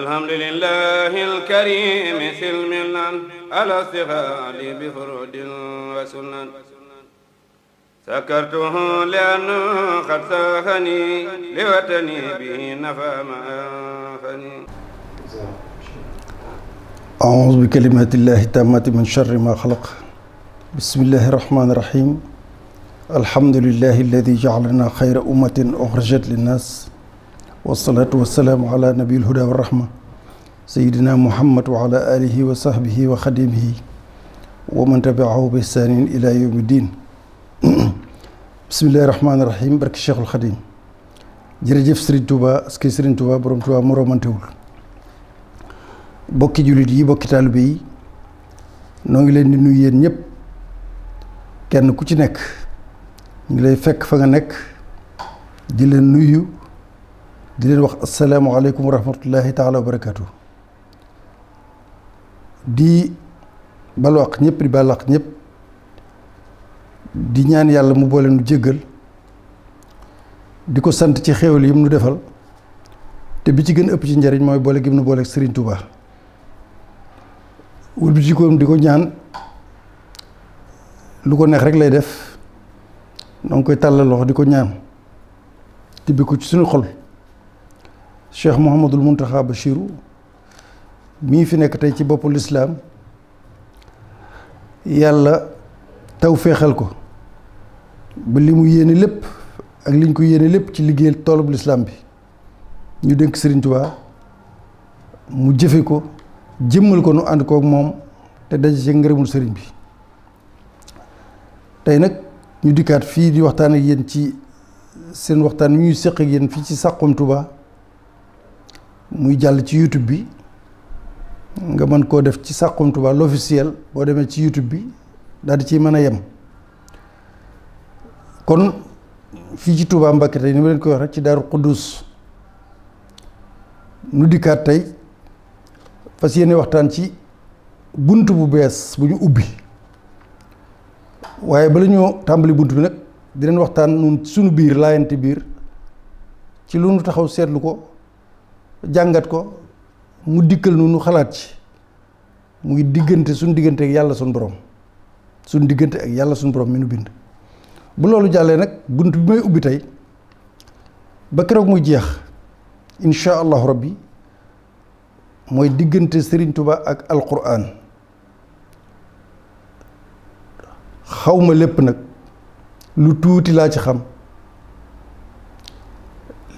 الحمد لله الكريم سلمنا على استغال بفرود وسنن سكرته لأنه قد ساخني لوطني به نفى ما أنفني أعوذ بكلمات الله التامة من شر ما خلق بسم الله الرحمن الرحيم الحمد لله الذي جعلنا خير أمة أخرجت للناس wasalaatu wasalaamu ala nabiil huda wa rahma sayidina muhammad wa ala alihi wa sahbihi wa xadimihi wa man tabiahu bi ihsaanin ila yawmi din bismillahi rahmaani rahim barki cheikhul xadim jërëjëf Serigne Touba aski Serigne Touba borom Touba moromantewul bokki jullit yi bokki taalibe yi noo ngi leen di nuyu yéen ñëpp kenn ku ci nekk ñu ngi lay fekk fa nga nekk di leen nuyu di leen wax asalaamaaleykum wa rahmatullahi taala wa barakaatu di balwaq ñëpp di di ñaan yàlla mu boole nu jéggal di ko sant ci xéewal yi mu nu defal te bi ci gën ëpp ci njariñ mooy boole gi mu nu boole Serigne Touba wul bi ci koom di ko ñaan lu ko neex rek lay def noo ngi koy tàllal loxo di ko ñaan tibbi ko ci suñu xol cheikh Mouhamadul Mountakha Bachiru mii fi nekk tey ci boppu lislaam yàlla taw féexal ko ba li mu yéene lépp ak liñ ko yéene lépp ci liggéeyal toolub lislaam bi ñu dénk Sëriñ Tuubaa mu jëfe ko jëmmal ko nu ànd kook moom te daje ci ngërëmul sëriñ bi tey nag ñu dikkaat fii di waxtaan ak yéen ci seen waxtaan wi ñuy séq ak yéen fii ci Saxum Touba muy jàll ci YouTube bi nga mën koo def ci Saxum Touba l'officiel boo demee ci YouTube bi daal di ciy mën a yem kon fii ci Touba Mbacké tey ni ma leen koy wax rek ci Daaru Xuddus nu dikkaat tey fas yéene waxtaan ci bunt bu bees bu ñu ubbi waaye bala ñoo tàmbali bunt bi nag di leen waxtaan nun suñu biir laayante biir ci lu nu taxaw seetlu ko jàngat ko mu dikkal nu xalaat ci muy diggante suñ diggante ak yàlla suñ borom suñ diggante ak yàlla suñ borom mi nu bind bu loolu jàllee nag bunt bi may ubbi tey ba keroog muy jeex insha allahu rabbi mooy diggante sëriñ tubaa ak alquran xawma lépp nag lu tuuti laa ci xam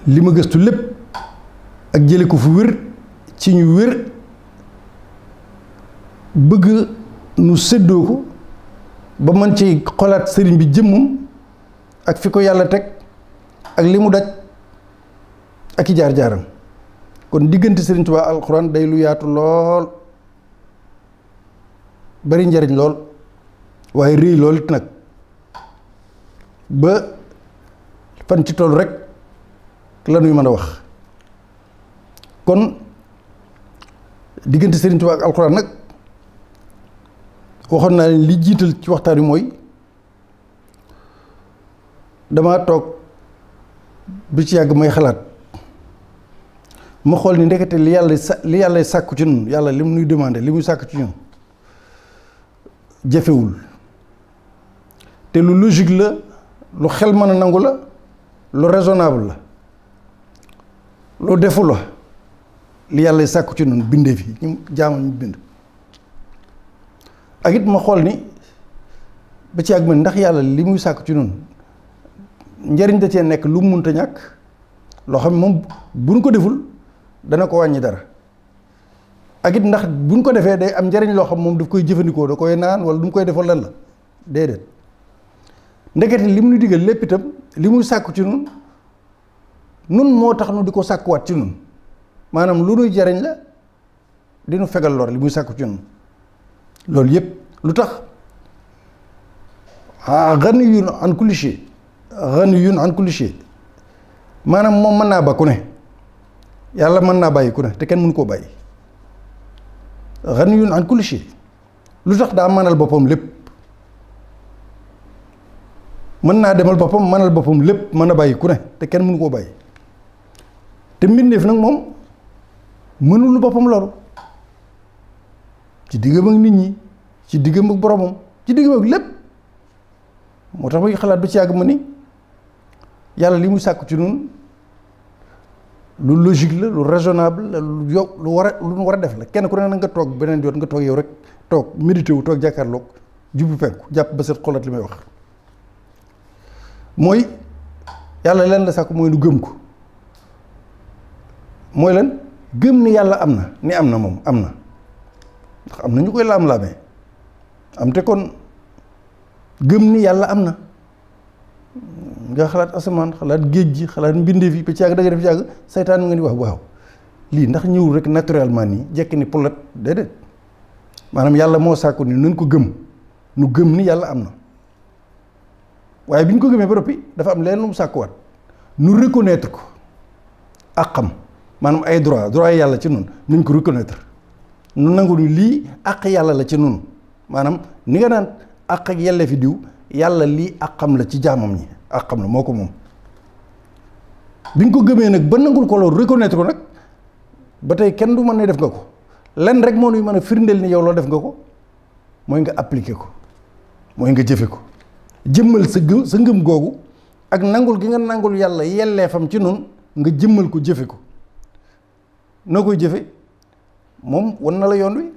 li ma gëstu lépp ak jële ko fu wér ci ñu wér bëgg nu seddoo ko ba mën ci xolaat sëriñ bi jëmmam ak fi ko yàlla teg ak li mu daj ak i jaar-jaaram kon diggante sëriñ Tuubaa alxuraan day lu yaatu lool bari njariñ lool waaye réy lool nag ba fan ci toll rek lanuy mën a wax kon diggante Serigne Touba ak alxuraan nag waxoon naa leen li jiital ci waxtaan wi mooy damaa toog bi ci yàgg may xalaat ma xool ni ndekete li yàlla sa li yàlla sàkku ci ñun yàlla li mu nuy demandé li muy sàkku ci ñun jëfewul te lu logique la lu xel mën a nangu la lu raisonnable la lu defu la li yàlla sàkku ci noonu bindee fi ñu jaamal ñu bind ak it ma xool ni ba ci ak man ndax yàlla li muy sàkku ci noonu njariñ da cee nekk lu munta ñàkk loo xam ne moom buñ ko deful dana ko wàññi dara ak it ndax buñ ko defee day am njariñ loo xam moom daf koy jëfandikoo da koy naan wala du mu koy defal lan la déedéet ndekete li mu nu digal lépp itam li muy sàkku ci nun nun moo tax nu di ko sàkkuwaat ci nun maanaam lu nuy jariñ la di fegal lor li muy sàkku ci ñun loolu yëpp lu tax ah, ghaniyun an kulli shay ghaniyun an kulli shay maanaam moom mën naa ba ku ne yàlla mën naa bàyyi ku ne te kenn mënu koo bàyyi ghaniyun an kulli shay lu tax daa mënal boppam lépp mën naa demal boppam mënal boppam lépp mën a bàyyi ku ne te kenn mënu koo bàyyi te mbindeef nag moom mënul lu boppam loru ci diggam ak nit ñi ci diggam ak boromam ci diggam ak lépp moo tax muy xalaat du ci yàgg ma ni yàlla li mu sàkk ci nun lu logique la lu raisonnable la lu yow lu war a lu nu war a def la kenn ku ne nag nga toog beneen yoon nga toog yow rek toog médité wu toog jàkkaarloog jubbu penku jàpp ba set xolat li may wax mooy yàlla leen la sàkk mooy nu gëm ko mooy leen gëm ni yàlla am na ni am na moom am na ndax am na ñu koy laam-laamee am te kon gëm ni yàlla am na nga xalaat asamaan xalaat géej gi xalaat mbindeef yi ba caag da nga def caag saytaan nga ni waaw waaw lii ndax ñëwul rek naturellement nii jekk ni polat déedéet maanaam yàlla moo sàkku ni nañ ko gëm nu gëm ni yàlla am na waaye bi ñu ko gëmee ba noppi dafa am leen lu mu sàkkuwaat nu reconnaître ko àqam maanaam ay droit droit yàlla ci nun nañ ko reconnaître nu nangu ni lii àq yàlla la ci nun maanaam ni nga naan àq ak yelle fi diw yàlla lii ak àqam la ci jaamam ñi xam la moo ko moom bi nga ko gëmee nag ba nangul ko loolu reconnaître ko nag ba tey kenn du mën ne def nga ko lenn rek moo nuy mën a firndeel ni yow loolu def nga ko mooy nga appliquer ko mooy nga jëfe ko jëmmal sa gëm ngëm googu ak nangul gi nga nangul yàlla yelleefam ci nun nga jëmmal ko jëfe ko noo koy jëfe moom wan na la yoon wi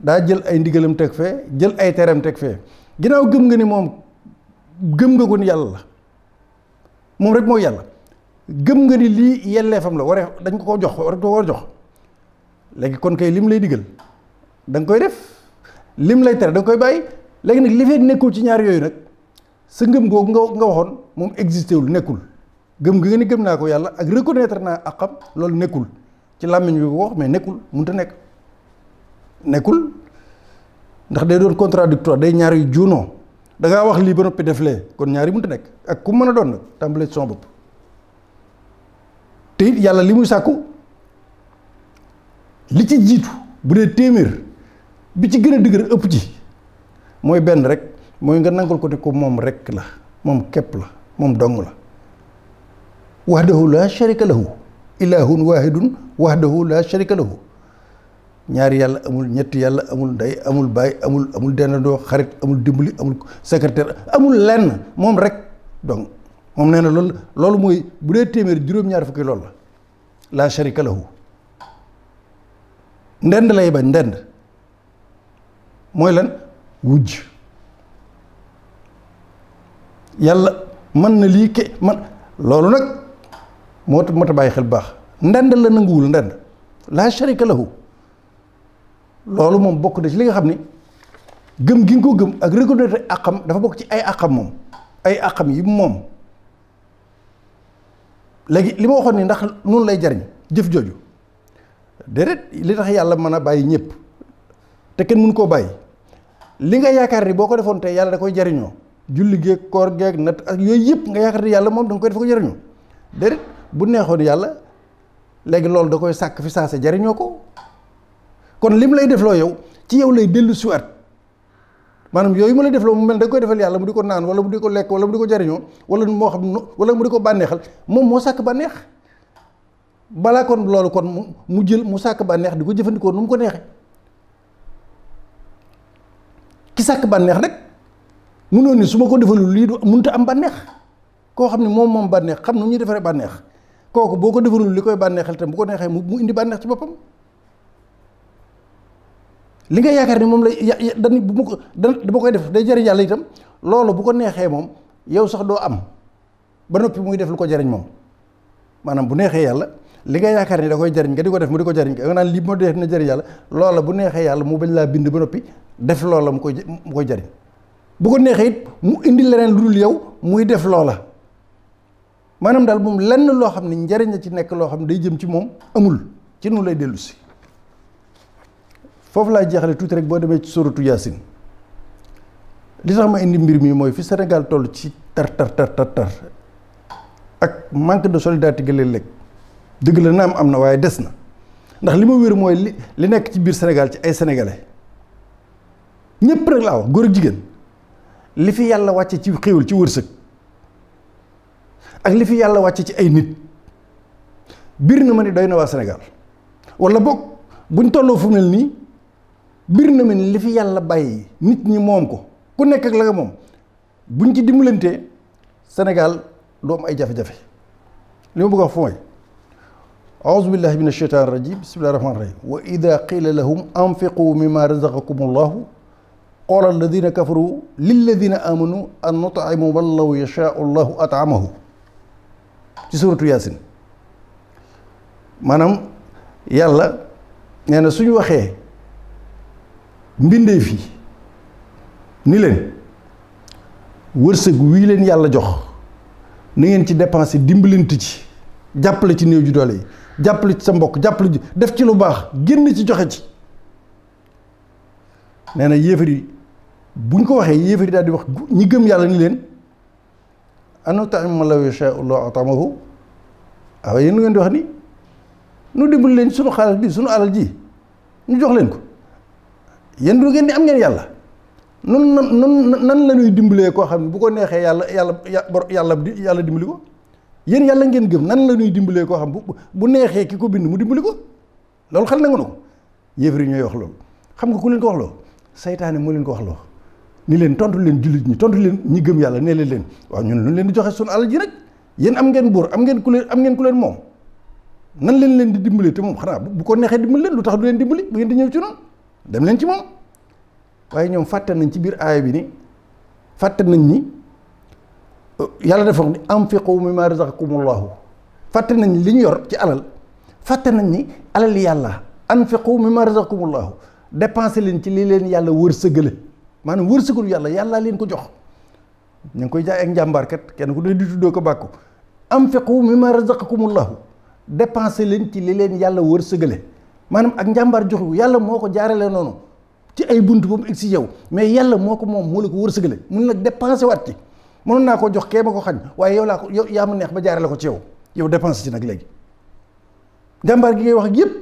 daa jël ay ndigalam teg fee jël ay teram teg fee ginnaaw gëm nga ni moom gëm nga ko ni yàlla la moom rek mooy yàlla gëm nga ni lii yelleefam la waree dañ ko koo jox war ko war jox léegi kon kay lim lay digal da nga koy def lim lay tere da koy bàyyi léegi nag li fekk nekkul ci ñaar yooyu nag sa ngëm googu nga nga waxoon moom existé wul nekkul gëm nga ni gëm naa ko yàlla ak reconnaître naa àqam loolu nekkul ci làmmiñ bi wax mais nekkul mënta nekk nekkul ndax day doon contradictoire day ñaar yu juunoo da ngaa wax lii ba noppi def lee kon ñaari yi mënta nekk ak ku mën a doon nag tàmbalee son bopp te yàlla li muy sàkku li ci jiitu bu dee téeméer bi ci gën a dëgër ëpp ji mooy benn rek mooy nga nangul ko ne ko moom rek la moom képp la moom dong la wahdahu la sharika lahu ilahun wahidun wahdahu la sharika lahu ñaari yàlla amul ñetti yàlla amul ndey amul baay amul amul dendandoo xarit amul dimbali amul secrétaire amul lenn moom rek donc moom nee na loolu loolu mooy bu dee téeméer juróom-ñaar fukki loolu la la sharika lahu ndend lay ba ndend mooy lan wujj yàlla mën na lii ke man loolu nag moo moo ta bàyyi xel bu baax ndend la nanguwul ndend laa sharika lahu loolu moom bokk na ci li nga xam ni gëm gi nga ko gëm ak reconnaître àqam dafa bokk ci ay àqam moom ay àqam yi moom léegi li ma waxoon ni ndax noonu lay jariñ jëf jooju déedéet li tax yàlla mën a bàyyi ñëpp te kenn koo bàyyi li nga yaakaar ni boo ko defoon tey yàlla da koy jariñoo julli geeg koor geeg nat ak yooyu yëpp nga yaakaar yàlla moom danga koy def ko jariñoo déedéet bu neexoon yàlla léegi loolu da koy sàkk fi saase jariñoo ko kon lim lay def defloo yow ci yow lay dellu siwaat maanaam yooyu mu lay loo mu mel da koy defal yàlla mu di ko naan wala mu di ko lekk wala mu di ko jariñoo wala moo xam wala mu di ko bànneexal moom moo sàkk bànneex balaa kon loolu kon mu jël mu sàkk bànneex di ko jëfandikoo nu mu ko neexee ki sàkk bànneex nag munoon ni su ma ko defalul lii du mënut a am bànneex koo xam ne moom moom bànneex xam nu ñuy defaree bànneex kooku boo ko defarul li koy bànneex xel tam bu ko neexee mu indi bànneex ci boppam li nga yaakaar ni moom la lay dan bu ma ko dama koy def day jëriñ yàlla itam loolu bu ko neexee moom yow sax doo am ba noppi muy def lu ko jëriñ moom maanaam bu neexee yàlla li nga yaakaar ni da koy jariñ nga di ko def mu di ko jëriñ nga naan lii moo def na jëriñ yàlla loola bu neexee yàlla mu bañ laa bind ba noppi def loola mu koy mu koy jëriñ bu ko neexee it mu indi leneen lu dul yow muy def loola maanaam daal moom lenn loo xam ne njariñ la ci nekk loo xam ne day jëm ci moom amul ci nu lay dellusi foofu laa jeexale tuuti rek boo demee ci suratu yaasin li tax ma indi mbir mii mooy fi Sénégal toll ci tar tar tar tar ak manque de solidarité gi léeg dëgg la naam am na waaye des na ndax li ma wér mooy li li nekk ci biir Sénégal ci ay sénégalais ñëpp rek laa wax góor ak jigéen li fi yàlla wàcce ci xéewal ci wërsëg. ak li fi yàlla wàcc ci ay nit biir na ma ni doy na waa Sénégal wala boog buñ tolloo fu mel nii biir na ma ni li fi yàlla bàyyi nit ñi moom ko ku nekk ak la nga moom buñ ci dimbalantee Sénégal du ay jafe-jafe li ma bëgg a wax fu mooy aouzu billahi min asheytan rajim bismillahi rahmani rahim wa ida qila lahum anfiqu mima razaqakum ci suuratu yaasin maanaam yàlla nee na suñu waxee mbindeef yi ni leen wërsëg wii leen yàlla jox na ngeen ci dépensé dimbalante ci jàppale ci néew ju doole yi jàppale ci sa mbokk jàppale ci def ci lu baax génn ci joxe ci nee na yéefar yi buñ ko waxee yéefar yi daal di wax ñi gëm yàlla ni leen an nut'ima man law yashaa'u llaahu ngeen di wax ni nu dimbali leen sunu xaalis bi sunu alal ji ñu jox leen ko yéen du ngeen ni am ngeen yàlla nun nan nan la ñuy dimbalee koo xam ne bu ko neexee yàlla yàlla yàlla yàlla dimbali ko yàlla ngeen gëm nan la ñuy dimbalee koo xam bu neexee ki ko bind mu dimbali ko loolu xel nangu na ko yéefar yi ñooy wax loolu xam nga ku leen ko wax loo saytaane moo leen ko wax loo ni leen tontu leen jullit ñi tontu leen ñi gëm yàlla nee leen leen waaw ñun luñ leen di joxe suñu alal ji nag yéen am ngeen buur am ngeen ku leen am ngeen ku leen moom nan leen leen di dimbali te moom xanaa bu ko neexee dimbali leen lu tax du leen dimbali bu ngeen di ñëw ci noonu dem leen ci moom waaye ñoom fàtte nañ ci biir aaya bi ni fàtte nañ ni euh, yàlla dafa wax ni anfiqu mimma razaqakumullahu fàtte nañ li yor ci alal fàtte nañ ni alal yàlla anfiqu mimma razaqakumullahu dépensé leen ci lii leen yàlla wërsëgale maanaam wërsëgul yàlla yàlla leen ko jox ñu ngi koy jaay ak njàmbaar kat kenn ku dee du tuddoo ko bàkku anfiqu mimma razaqakumullahu dépensé leen ci li leen yàlla wërsëgale maanaam ak njàmbaar joxu yàlla moo ko jaarale noonu ci ay bunt ba mu egg si mais yàlla moo ko moom moo la ko wërsëgale mun nag dépensé waat ci mënoon naa ko jox kee ma ko xañ waaye yow laa ko yow yaa mu neex ba jaarale ko ci yow yow dépensé ci nag léegi njàmbaar gi ngay wax yëpp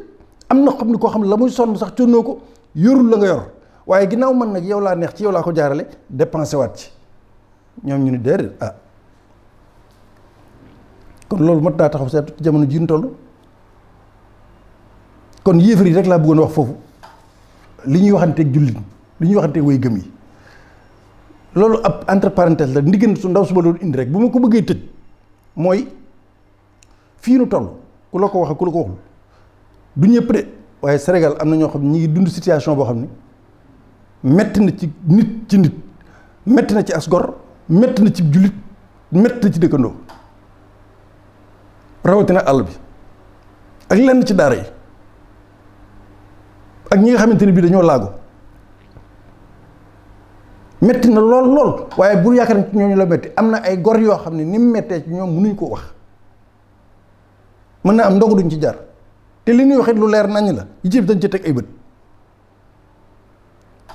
am na xam ne koo xam la muy sonn sax connoo ko yorul la nga yor waaye ginnaaw man nag yow laa neex ci yow laa ko jaarale dépensé waat ci ñoom ñu ni déedéet ah kon loolu mat daa taxaw seet jamono ji ñu kon yéefar yi rek laa buggoon wax foofu li ñuy waxanteeg jullit li ñuy waxanteeg way gëm yi loolu ab entre parenthèse la ndiggante su ndaw suba loolu indi rek bu ma ko bëggee tëj mooy fii nu toll ku la ko wax ak ku la ko waxul du ñëpp de waaye Sénégal am na ñoo xam ne ñu ngi dund situation boo xam ne metti na ci nit ci nit metti na ci as gor metti na ci jullit metti na ci dëkkandoo rawatina àll bi ak lenn ci daara yi ak ñi nga xamante ni bii dañoo laagu metti na lool lool waaye bu yaakaar ne ci ñooñu la metti am na ay gor yoo xam ne ni mettee ci ñoom mënuñ ko wax mën na am ndogu duñ ci jaar te li ñuy wax lu leer nañ la yi ci dañ ci teg ay bët.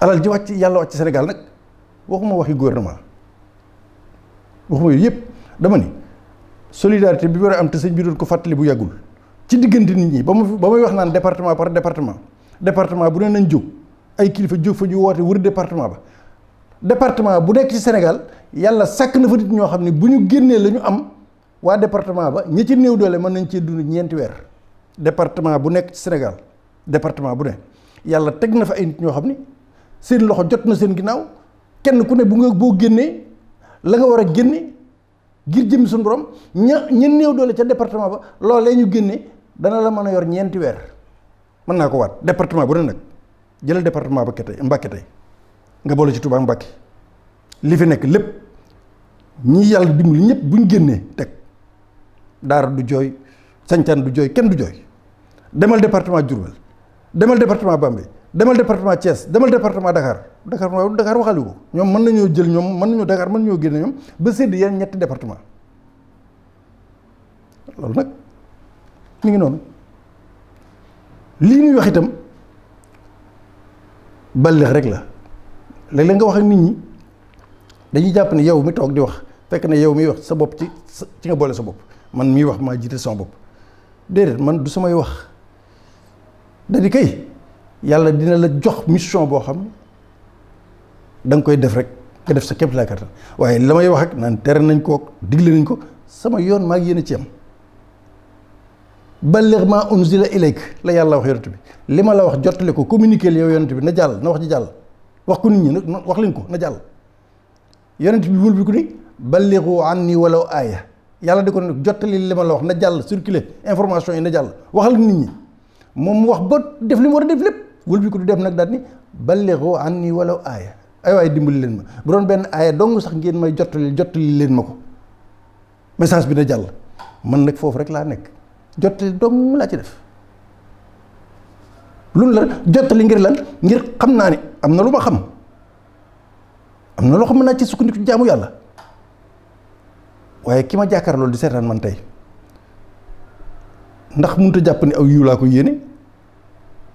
alal ji wàcc yàlla wàcc Sénégal nag waxuma waxi gouvernement waxuma yooyu yëpp dama ni solidarité bi war a am te sëñ bi doon ko fàttali bu yàggul ci diggante nit ñi ba mu ba may wax naan département par département département bu ne nañ jóg ay kilifa jóg fa ñu woote wër département ba département bu nekk ci Sénégal yàlla sàkk na fa nit ñoo xam ne bu ñu génnee la ñu am waa département ba ñi ci néew doole mën nañ cee dund ñeenti weer département bu nekk ci Sénégal département bu ne yàlla teg na fa ay nit ñoo xam ni seen loxo jot na seen ginnaaw kenn ku ne bu nga boo génnee la nga war a génne ngir jëm suñu borom ña ñen néew doole ca département ba loolee ñu génnee dana la mën a yor ñeenti weer mën naa ko waat département bu ne nag jëlal département ba tey Mbàkke tey nga boole ci Touba Mbàkke li fi nekk lépp ñi yàlla dimbali ñëpp bu ñu génnee teg daara du jooy sañcaan du jooy kenn du jooy demal département Diourbel demal département Bambey demal département Thiès demal département Dakar Dakar waaw Dakar ko ñoom mën nañoo jël ñoom mën nañoo Dakar mën nañoo génne ñoom ba sédd yenn ñetti département loolu nag mi ngi noonu lii ñuy wax itam balleex rek la léeg-léeg nga wax ak nit ñi dañu jàpp ne yow mi toog di wax fekk na yow miy wax sa bopp ci ci nga boole sa bopp man miy wax maa jiite sama bopp déedéet man du samay wax da di kay yàlla dina la jox mission boo xam ne da koy def rek nga def sa képp laa kattan waaye la may wax ak naan tere nañ ko digle nañ ko sama yoon maa ngi yéen ci am balligh maa unzila ilayk la yàlla wax yonent bi li ma la wax jottale ko communiquer yow yonent bi na jàll na wax ji jàll wax ko ñi nag wax leen ko na jàll yonent bi wul bi ku ni ballighu anni walaw aaya yàlla di ko ne jottali li ma la wax na jàll circuler information yi na jàll waxal nit ñi moom mu wax ba def li war a def lépp wul ko du dem nag daal ni ballighu anni walaw aaya ay waay dimbali leen ma bu doon benn aaya dong sax ngeen may jottali jottali leen ma ko message bi na jàll man nag foofu rek laa nekk jottali dong laa ci def lu la jottali ngir lan ngir xam naa ni am na lu ma xam am na loo xam naa ci sukkandiku jaamu yàlla waaye ki ma jàkkaar loolu di seetaan man tey ndax mënut a jàpp ni aw yiw laa ko yéene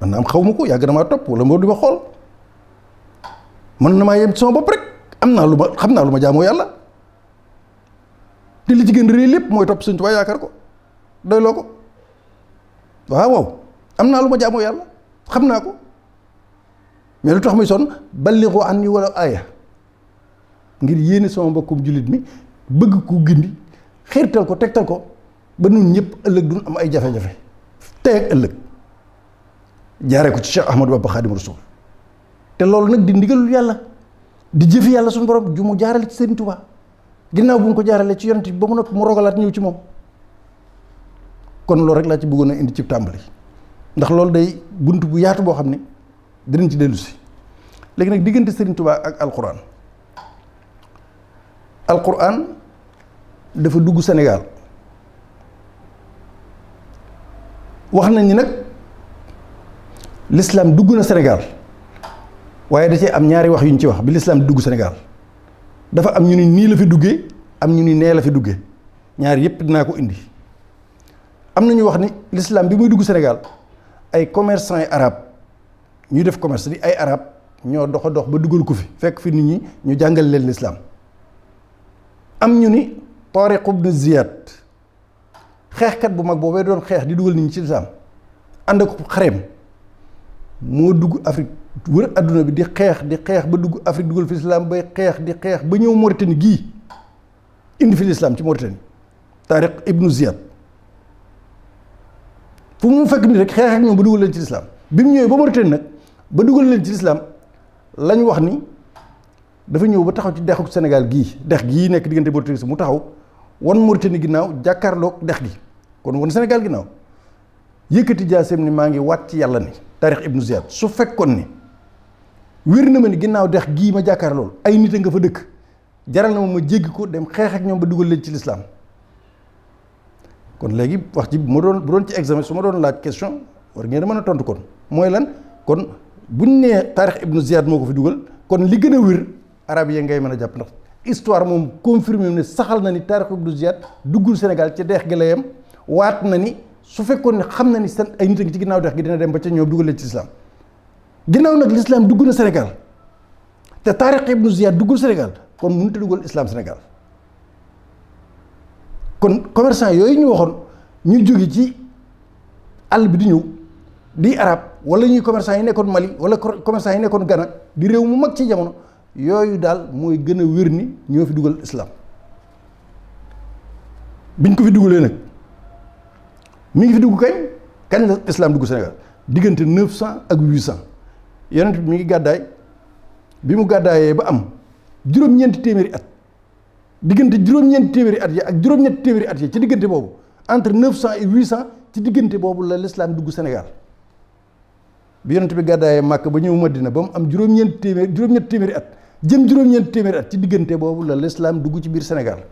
mën na am xaw ma ko yàgg na topp wala moo di ma xool mën na maa yem sama bopp rek am naa lu ma xam naa lu ma jaamoo yàlla te li lépp mooy topp Sëñ Tuubaa yaakaar ko doyloo ko waaw am naa lu ma jaamoo yàlla xam naa ko mais lu tax muy sonn balligu anni a aaya ngir yéene sama mbokkum jullit mi bëgg ko gindi xiirtal ko tegtal ko ba nun ñëpp ëllëg duñ am ay jafe-jafe tey ak ëllëg jaaree ko ci Cheikh Ahmadou Bamba Xaadimu Rasuul te loolu nag di ndigalul yàlla di jëfi yàlla suñu borom ju mu jaarale ci Sëriñ tubaa ginnaaw bu mu ko jaaralee ci yonent ba mu nopp mu rogalaat ñëw ci moom kon loolu rek laa ci bëggoon a indi ci tàmbali ndax loolu day bunt bu yaatu boo xam ne dinañ ci dellu léegi nag diggante Sëriñ tubaa ak alquran alquran dafa dugg Sénégal wax nañ ni nag. l'islam dugg na Sénégal waaye da cee am ñaari wax yu ñu ci wax bi l'islam dugg Sénégal dafa am ñu ni nii la fi duggee am ñu ni nee la fi duggee ñaar yëpp dinaa ko indi am na ñu wax ni l'islam bi muy dugg Sénégal ay commerçant yi arab ñu def commerce di ay arab ñoo dox a dox ba duggal ko fi fekk fi nit ñi ñu jàngal leen lislaam am ñu ni Tariq ibn Ziyad xeexkat bu mag boobee doon xeex di dugal nit ñi ci lislaam ànd ak xareem moo dugg Afrique wër adduna bi di xeex di xeex ba dugg Afrique dugal fi lislaam bay xeex di xeex ba ñëw Mauritanie gii indi fi lislaam ci Mauritanie Tariq Ibnu Ziyad fu mu fekk nii rek xeex ak ñoom ba dugal leen ci lislaam bi mu ñëwee ba Mauritanie nag ba dugal leen ci lislaam lañ wax ni dafa ñëw ba taxaw ci dexu Sénégal gii dex gii nekk diggante Mauritanie mu taxaw wan Mauritanie ginnaaw jàkkaarloog dex gi kon wan Sénégal ginnaaw yëkkati jaaseem ni maa ngi ci yàlla ni taarix ibnu Ziyad su fekkoon ni wér na ma ni ginnaaw dex gii ma jàkkaar loolu ay nit a nga fa dëkk jaral na ma ma jéggi ko dem xeex ak ñoom ba dugal leen ci lislaam kon léegi wax ji bu ma doon bu doon ci examen su ma doon laaj question war ngeen a mën a tontu kon mooy lan kon buñ nee taarix ibnu Ziyad moo ko fi dugal kon li gën a wér arab yi ngay mën a jàpp ndax histoire moom confirmé ne saxal na ni taarix ibnu Ziyad duggul Sénégal ci deex gi la yem waat na ni. su fekkoon ne xam na ni seen ay nit a ngi ci ginnaaw dex gi dina dem ba ca ñoom dugal leen ci lislaam ginnaaw nag lislaam dugg na Sénégal te Taariq Ibnu Ziyaad duggul Sénégal kon mënut dugal islam Sénégal kon commerçant yooyu ñu waxoon ñu jóge ci àll bi di ñëw di arab wala ñuy commerçant yi nekkoon Mali wala commerçant yi nekkoon Ghana di réew mu mag ci jamono yooyu daal mooy gën a wér ni ñoo fi dugal islam biñ ko fi dugalee nag. mi ngi fi dugg kañ kañ la islam dugg Sénégal diggante neuf cent ak huit cent yonent bi mu ngi gàddaay bi mu gàddaayee ba am juróom-ñeenti téeméeri at diggante juróom-ñeenti téeméeri at yi ak juróom-ñetti téeméeri at yi ci diggante boobu entre neuf cent et huit cent ci diggante boobu la l'islam dugg Sénégal bi yonent bi gàddaayee ba ñëw Madina ba mu am juróom-ñeenti téeméeri at jëm juróom-ñeenti téeméeri ci diggante boobu la l'islam dugg ci biir Sénégal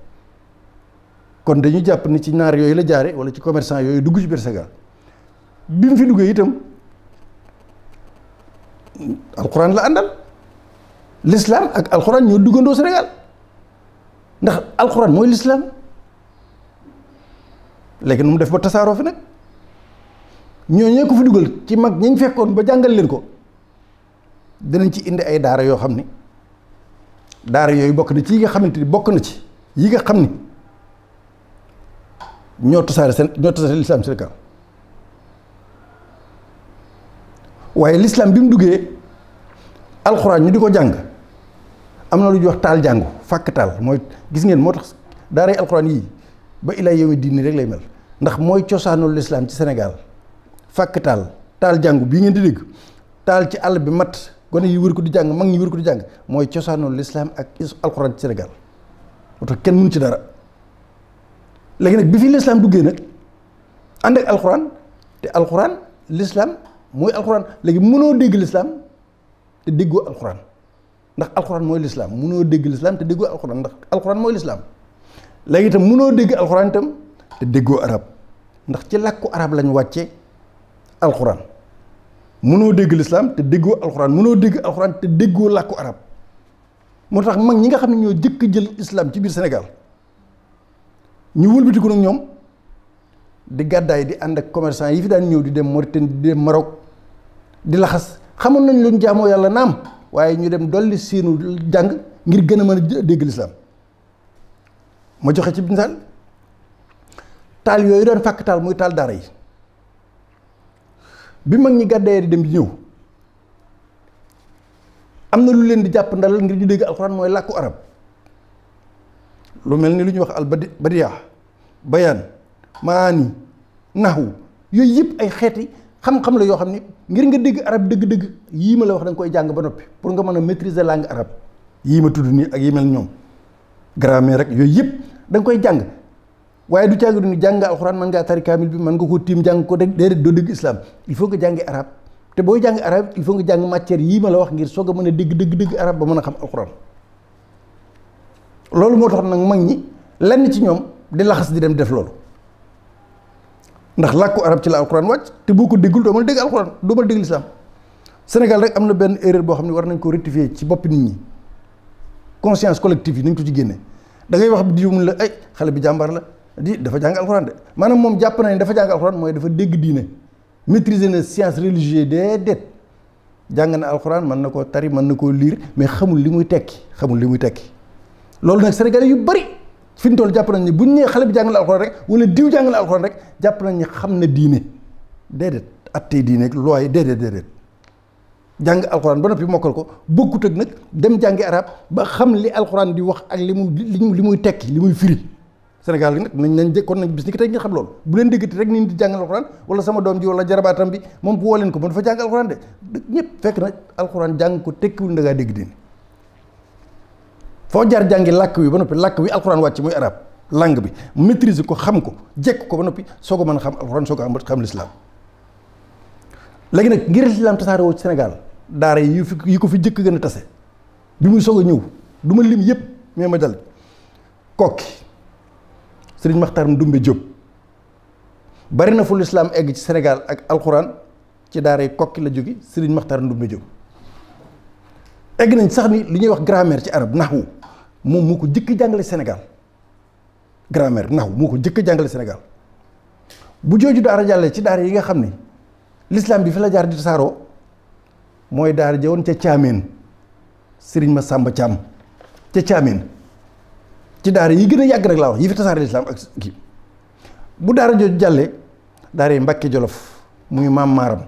kon dañu jàpp ni ci naar yooyu la jaare wala ci commerçant yooyu dugg ci biir Sénégal bi mu fi duggee itam alxuraan la àndal l'islam ak alxuraan ñoo duggandoo Sénégal ndax alxuraan mooy l'islam léegi nu mu def ba tasaaroo fi nag ñoo ñee ko fi dugal ci mag ñañ fekkoon ba jàngal leen ko dinañ ci indi ay daara yoo xam ni daara yooyu bokk na ci yi nga xamante ni bokk na ci yi nga xam ni ñoo tasaare seen ñoo tasaare lislaam Sénégal waaye lislaam bi mu duggee alxuraan ñu di ko jàng am na lu ñuy wax taal jàngu fàkk taal mooy gis ngeen moo tax daaray alxuraan yii ba ilaa yow mi diine rek lay mel ndax mooy cosaanul lislaam ci Sénégal fàkk taal taal jàngu bii ngeen di dégg taal ci àll bi mat gone yi wër ko di jàng mag ñi wër ko di jàng mooy cosaanul lislaam ak alxuraan ci Sénégal moo tax kenn mënu ci dara léegi nag bi fi lislaam duggee nag ànd ak alxuraan te alxuraan lislaam mooy alxuraan léegi mënoo dégg lislaam te déggoo alxuraan ndax alxuraan mooy lislaam mënoo dégg lislaam te déggoo alxuraan ndax alxuraan mooy lislaam léegi itam mënoo dégg alxuraan itam te déggoo arab ndax ci làkku arab lañ wàcce alxuraan mënoo dégg lislaam te déggoo alxuraan mënoo dégg alxuraan te déggoo làkku arab moo tax mag ñi nga xam ne ñoo jëkk jël islaam ci biir Sénégal ñu wëlbatiku nag ñoom di gàddaay di ànd ak commercant yi fi daan ñëw di dem Mauritanie di dem Maroc di laxas xamoon nañ luñ jaamoo yàlla naam waaye ñu dem dolli siinu jàng ngir gën a mën a dégg lislaam ma joxe ci misaal taal yooyu doon fàkk taal muy taal daara yi bi mag ñi gàddaay di dem di ñëw am na lu leen di jàpp ndalal ngir ñu dégg alxuraan mooy làkku arab lu mel ni lu ñuy wax albadi badiyaa bayaan maani naxwu yooyu yëpp ay xeeti xam-xam la yoo xam ne ngir nga dégg arab dëgg-dëgg yii ma la wax da koy jàng ba noppi pour nga mën a maîtriser langue arabe yii ma tudd nii ak yi mel ñoom grammaire rek yooyu yëpp da koy jàng waaye du caagi du ni jàng nga alxuraan man ngaa tari kaamil bi mën nga koo tiim jàng ko rek déedéet doo dégg islam il faut nga jàngi arab te booy jàng arab il faut nga jàng matière yii ma la wax ngir soog a mën a dégg dëgg dëgg arab ba mën a xam alxuraan loolu moo tax nag mag ñi lenn ci ñoom di laxas di dem def loolu ndax làkku arab ci la alquran wàcc te boo ko déggul doo mën a dégg alquran doo mën a dégg lislaam Sénégal rek am na benn erreur boo xam ne war nañ koo rectifier ci boppi nit ñi conscience collective yi nañ ko ci génne da ngay wax bi di mun la ay xale bi jàmbaar la di dafa jàng alxuraan de maanaam moom jàpp na ne dafa jàng alxuraan mooy dafa dégg diine maîtriser na science religieuse déedéet jàng na alxuraan mën na koo tari mën na koo liir mais xamul li muy tekki xamul li muy tekki loolu nag sénégalais yu bari fi ñu toll jàpp nañ ne bu ñu nee xale bi jàng alxuraan rek wala diw jàng na alxuraan rek jàpp nañ ne xam na diine déedéet at tey diine ak looy déedéet déedéet jàng alxuraan ba mokkal ko bokkut ak nag dem jàngi ba xam li alxuraan di wax ak li mu li muy tekki li muy firi Sénégal gi nañ nañ jëkkoon nag bis ni ki xam loolu bu leen déggati rek ni di jàng alxuraan wala sama doom ji wala jarabaatam bi moom woo leen ko moom dafa jàng alxuraan de ñëpp fekk na alxuraan jàng ko tekkiwul da ngaa dégg diine foo jaar jàngi làkk bi ba noppi làkk bi alxuraan wàcc muy arab langue bi maîtriser ko xam ko jekk ko ba noppi soo ko mën a xam alxuraan soo ko am xam lislaam léegi nag ngir lislaam tasaarewoo ci Sénégal daara yi fi yi ko fi jëkk gën a tase bi muy soog a ñëw duma lim yëpp mais ma dal kokki sëriñ Maxtaar Ndumbe Jóob bari na fu lislaam egg ci Sénégal ak alxuraan ci daara yi kokki la jóge sëriñ Maxtaar Ndumbe Jóob egg nañ sax ni li ñuy wax grammaire ci arab nahwu moom moo ko jëkk jàngale Sénégal grammaire naxu moo ko jëkk jàngale senegal bu jooju daara jàllee ci daara yi nga xam ni lislaam bi fi la jaar di tasaaroo mooy daara jawoon ca caameen sëriñ ma sàmba caam ca caameen ci daara yi gën a yàgg nag laa wax yi fi tasaare lislaam ak kii bu daara jooju jàllee daara yi mbàkke jolof muy maam maaram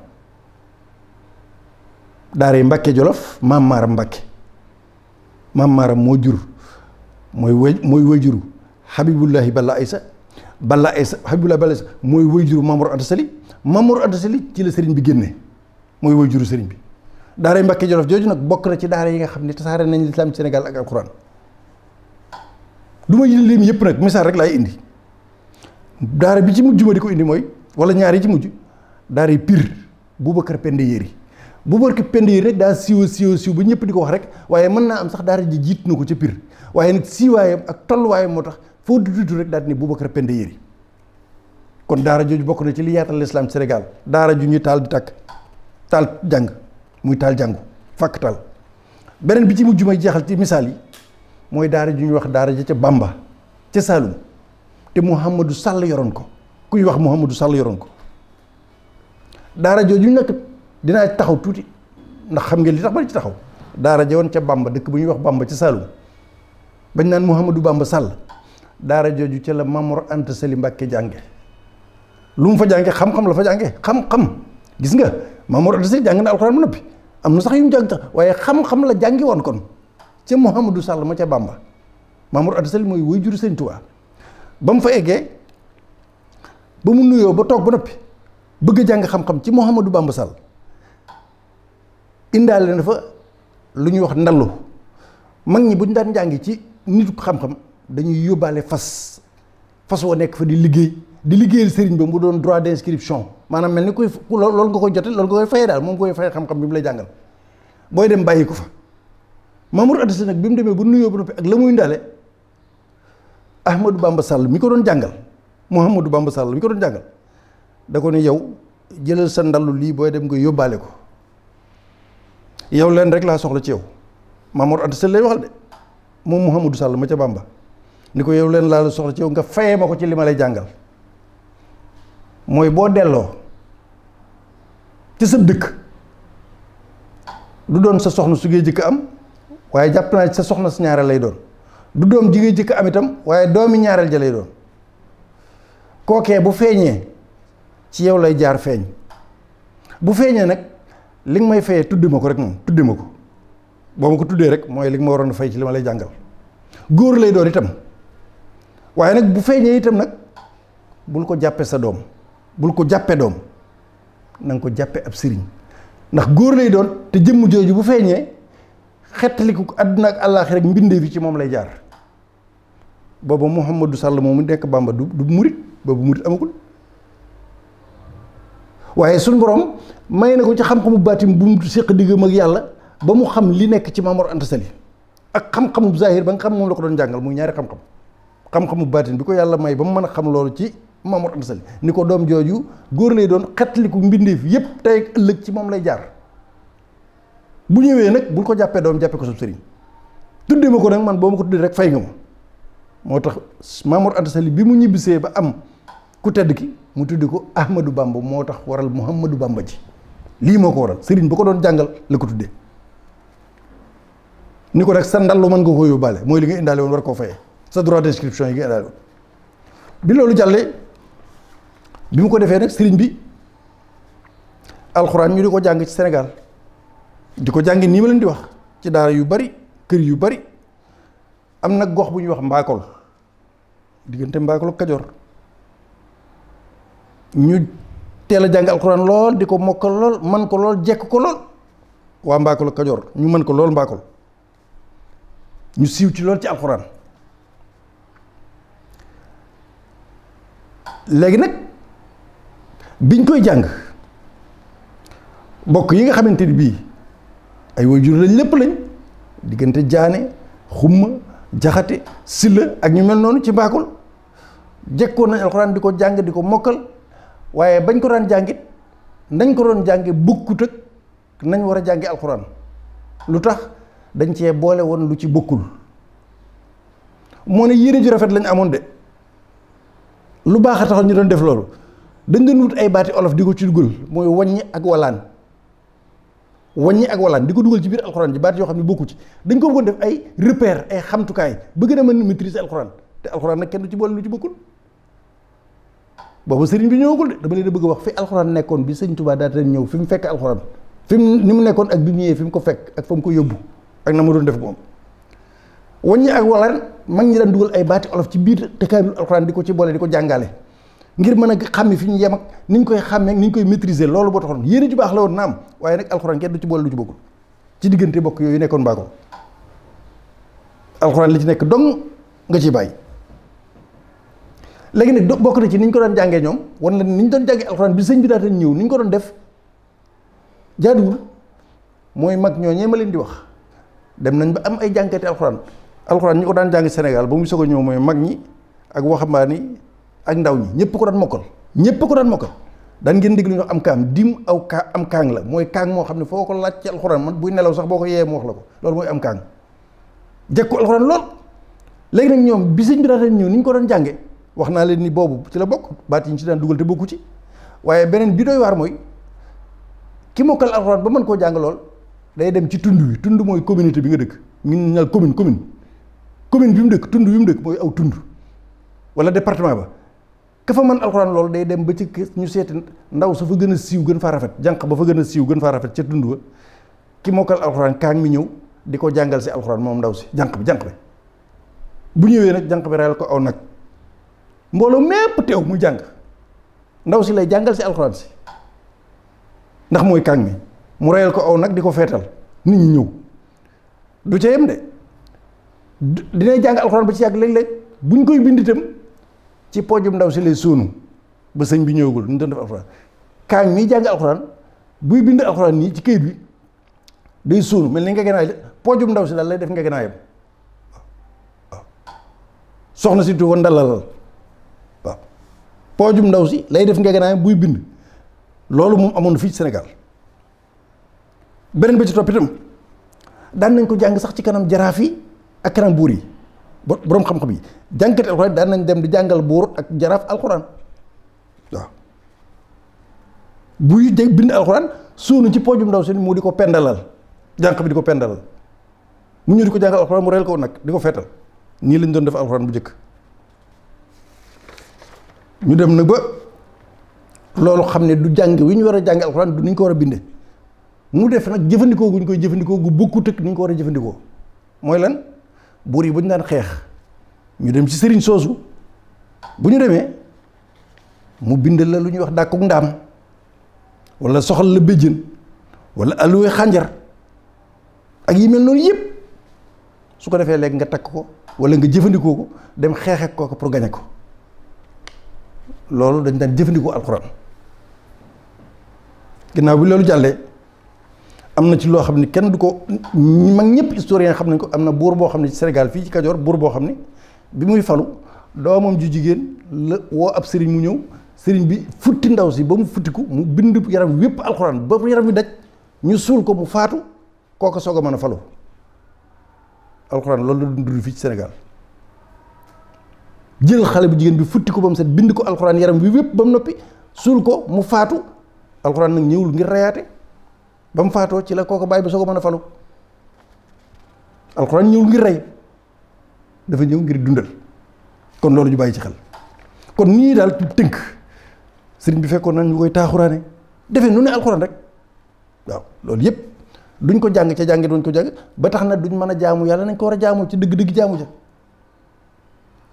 daara yi mbàkke jolof maam maaram mbàkke maam maaram moo jur mooy wéy mooy wéyjuru Habibullahi Balla Aysa Balla Aysa Habibullahi Balla Aysa mooy wéyjuru Mamour Anta Sali Mamour Anta Sali ci la sëriñ bi génne mooy wéyjuru sëriñ bi daara Mbàkke Jolof jooju nag bokk na ci daara yi nga xam ne tasaare nañ lislaam Sénégal ak alquran du ma lim yëpp nag misaal rek laay indi daara bi ci mujj ma di ko indi mooy wala ñaar yi ci mujj daara yi pire Boubacar Pende Yéri Boubacar Pende Yéri rek daa siiw siiw siiw ba ñëpp di ko wax rek waaye mën naa am sax daara ji jiit na ko ca pire waaye nag siiwaayam ak tolluwaayam moo tax foo du tudd rek daal di ne Boubacar Penda Yéri kon daara jooju bokk na ci li yaatal l'islam Sénégal daara ju ñu taal di takk taal jàng muy taal jàngu fàkk taal beneen bi ci mujj may jeexal ci misaal yi mooy daara ju ñuy wax daara ja ca Bamba ca Saloum te Mouhamadou Sall yoroon ko kuy wax Mouhamadou Sall yoroon ko daara jooju nag dinaa taxaw tuuti ndax xam ngeen li tax ba ci taxaw daara ja ca Bamba dëkk bu ñuy wax Bamba ca Saloum bañ naan Mouhamadou Bamba Sall daara jooju ca la Mamor Anta Sali Mbàkke jànge lu mu fa jànge xam-xam la fa jànge xam-xam gis nga Mamor Anta Sali jàng na alxuraan mu noppi am na sax yu mu jàng tax waaye xam la jàngi woon kon ca Mouhamadou Sall ma ca Bamba Mamor Anta mooy woy juru Sëñ Tuubaa ba mu fa eggee ba mu nuyoo ba toog ba noppi bëgg jàng xam-xam ci Mouhamadou Bamba Sall indaale na fa lu ñuy wax ndallu mag ñi bu ñu daan jàngi ci nitu xam-xam dañuy yóbbaale fas fas woo nekk fa di liggéey di liggéeyal sëriñ ba mu doon droit d'inscription maanaam mel ni koy loolu nga koy jote loolu nga koy fayee daal moom koy fayee xam-xam bi mu lay jàngal booy dem bàyyi ko fa Mamour Addis nag bi mu demee bu nuyoo ba noppi ak la muy ndaale Ahmadou Bamba Sall mi ko doon jàngal mu Mouhamadou Bamba Sall mi ko doon jàngal da ko ne yow jëlal sa ndallu lii booy dem nga yóbbaale ko yow leen rek laa soxla ci yow Mamour Addis moom Mouhamadou Sall ma ca Bamba ni ko yow leen laa soxla ci yow nga fayee ma ko ci li ma lay jàngal mooy boo delloo ci sa dëkk du doon sa soxna su ngay jëkk am waaye jàpp naa sa soxna su ñaareel lay doon du doom ji ngay jëkk am itam waaye doomi ñaareel ja lay doon kookee bu feeñee ci yow lay jaar feeñ bu feeñee nag li nga may feyee tuddi ma ko rek moom tuddi ma ko boo mu ko tuddee rek mooy li ma waroon fay ci li lay jàngal góor lay doon itam waaye nag bu feeñee itam nag bul ko jàppe sa doom bul ko jàppe doom na ko jàppe ab sëriñ ndax góor lay doon te jëmm jooju bu feeñee xettaliku àdduna ak àllaaxira rek mbindee bi ci moom lay jaar booba Mouhamadou Sall moomu nekk Bamba du du murit boobu murit amagul waaye suñ borom may na ko ci xam-xamu baatim bu mu séq diggam ak yàlla ba mu xam li nekk ci Maamor Anta ak xam-xamu zahir ba nga xam moom la ko doon jàngal muy ñaari xam-xam xam-xamu baatin bi ko yàlla may ba mu mën a xam loolu ci Maamor Anta ni ko doom jooju góor lay doon xetliku mbindeef yépp tey ak ëllëg ci moom lay jaar bu ñëwee nag bul ko jàppee doom jàppee ko sab sëriñ tuddee ma ko nag man boo ma ko tuddee rek fay nga ma moo tax Maamor Anta bi mu ñibbisee ba am ku tedd ki mu tuddi ko Ahmadou Bamba moo tax waral Mouhamadou Bamba ji lii moo ko waral sëriñ ba ko doon jàngal la ko tuddee ni ko rek sa ndallu mën nga ko yóbbaale mooy li nga indaale woon war koo fayee sa droit d'inscription yi nga indaale woon bi loolu jàllee bi mu ko defee nag sëriñ bi alxuraan ñu di ko jàng ci Sénégal di ko jàngi nii ma leen di wax ci daara yu bari kër yu bari am na gox bu ñuy wax mbaakool diggante mbaakol Kajoor ñu teel a jàng alxuraan lool di ko mokkal lool man ko lool jekk ko lool waa mbaakol ak Kajoor ñu mën ko lool mbaakol ñu siiw ci loolu ci alxuraan léegi nag biñ koy jàng bokk yi nga xamante ni bii ay jur lañ lépp lañ diggante jaane xumma jaxate silla ak ñu mel noonu ci mbaakul jekkoon nañ alxuraan di ko jàng di ko mokkal waaye bañ ko daan jàngit nañ ko doon jànge bukkut ak nañ war a jànge alxuraan lu tax dañ cee boole woon lu ci bokkul moo ne yéene ju rafet lañ amoon de lu baax a taxoon ñu doon def loolu dañ doon wut ay baati olof di ko ci dugal mooy waññi ak walaan waññi ak walaan di ko dugal ci biir alxuraan ji baat yoo xam ne bokku ci dañ ko bëggoon def ay repère ay xamtukaay ba gën a mën te alxuraan nag kenn du ci boole lu ci bokkul boobu sëriñ bi ñëwagul de dama leen bëgg a wax fi alxuraan nekkoon bi sëriñ Tuubaa daa ñëw fi mu fekk alxuraan fi mu ni mu nekkoon ak bi mu ñëwee fi mu ko fekk ak fa mu ko yóbbu ak na mu doon def moom wàññi ak wala mag ñi daan dugal ay baati olof ci biir te kaamil alxuraan di ko ci boole di ko jàngale ngir mën a xam xàmme fi ñu yem ak ni koy xàmmee ak ni ñu koy maîtriser loolu boo taxoon yéene ju baax la woon naam waaye nag alxuraan kenn du ci boole lu ci bokkul ci diggante bokk yooyu nekkoon baa alxuraan li ci nekk dong nga ciy bàyyi léegi nag bokk na ci ni ko doon jàngee ñoom wan la ni ñu doon jàngee alxuraan bi sëñ bi daata ñëw ni ñu ko doon mooy mag ñoo ñee ma leen di wax dem nañ ba am ay jàngkati alxuraan alxuraan ñi ko daan jàng Sénégal ba mu soog a ñëw mooy mag ñi ak waxambaani ak ndaw ñi ñëpp ko daan mokkal ñëpp ko daan mokkal daan ngeen déglu ñu am kaam dim aw kaa am kaang la mooy kaang moo xam ne foo ko laaj ci alxuraan man buy nelaw sax boo ko yee mu wax la ko loolu mooy am kaang jekku léegi nag ñoom bi sëñ bi daataan ñëw ni ñu ko doon jànge wax naa leen ni boobu ci la bokk baat yi ñu ci daan dugal te bokku ci waaye beneen bi doy waar mooy ki mokkal alxuraan ba mën koo jàng lool day dem ci tund wi tund mooy communauté bi nga dëkk ñun ñal commune commune commune bi mu dëkk tund bi mu dëkk mooy aw tund wala département ba ka fa mën alxuraan loolu day dem ba ci ñu seeti ndaw sa fa gën a siiw gën faa rafet jànq ba fa gën a siiw gën faa rafet ca tund ba ki mokkal alxuraan kaang mi ñëw di ko jàngal si alxuraan moom ndaw si jànq bi jànq bi bu ñëwee nag jànq bi rayal ko aw nag mbooloo mépp teew muy jànq ndaw si lay jàngal si alxuraan si ndax mooy kaang mi mu reyal ko aw nag di ko feetal nit ñi ñëw du ca yem de dinay jàng alxuraan ba ci yàgg léeg-léeg bu ñu koy bind itam ci pojum ndaw si lay sóonu ba bi ñëwagul ñu doon def alxuraan kaam buy bind alxuraan nii ci kayit bi day sóonu mel ni nga gën a ndaw si daal lay def nga gën soxna si tuuti woon ndalalal waaw ndaw si lay def nga buy bind loolu moom amoon fii senegal beneen bi ci topp daan nañ ko jàng sax ci kanam jaraaf yi ak kanam buur yi boroom xam-xam yi jàngkat alxuraan daan nañ dem di jàngal buur ak jaraaf alxuraan waaw buy de bind alxuraan suunu ci poojum ndaw si mu di ko pendalal jànq bi di ko pendalal mu ñëw di ko jàngal alxuraan mu reel ko nag di ko fetal nii lañ doon def alxuraan bu njëkk ñu dem nag ba loolu xam ne du jàng wi ñu war a jàng alxuraan du ni ñu ko war a bind mu def nag jëfandikoo guñ koy jëfandikoo gu bokkut ak ni ñu ko war a jëfandikoo mooy lan buur yi bu ñu daan xeex ñu dem si sëriñ soosu bu ñu demee mu bind la lu ñuy wax dàkkuk ndaam wala soxal la béjjën wala alluwe xànjar ak yi mel noonu yëpp su ko defee léegi nga takk ko wala nga jëfandikoo ko dem xeex ak ko pour gañe ko loolu dañ daan jëfandikoo alxuraan ginnaaw bi loolu jàllee. am na ci loo xam ne kenn du ko mag ñëpp historien xam nañ ko am na buur boo xam ne ci Sénégal fii ci Kajoor buur boo xam ne bi muy falu doomam ju jigéen la woo ab sëriñ mu ñëw sëriñ bi futti ndaw si ba mu futtiku mu bind yaram wépp alxuraan ba yaram wi daj ñu suul ko mu faatu kooka soog a mën a falu alxuraan loolu la fii ci jël xale bu jigéen bi futti ko ba mu set bind ko alxuraan yaram wi wépp ba mu noppi suul ko mu faatu alxuraan nag ñëwul ngir reyaate ba mu faatoo ci la kooko bàyyi ba soo ko mën a falu alxuraan ñëw ngir rey dafa ñëw ngir dundal kon loolu ñu bàyyi ci xel kon nii daal tënk sëriñ bi fekkoon na ñu koy taaxuraane defe nu ne alxuraan rek waaw loolu yëpp duñ ko jàng ca jànge doon ko jàng ba tax na duñ mën a jaamu yàlla nañ ko war a jaamu ci dëgg-dëgg jaamu ja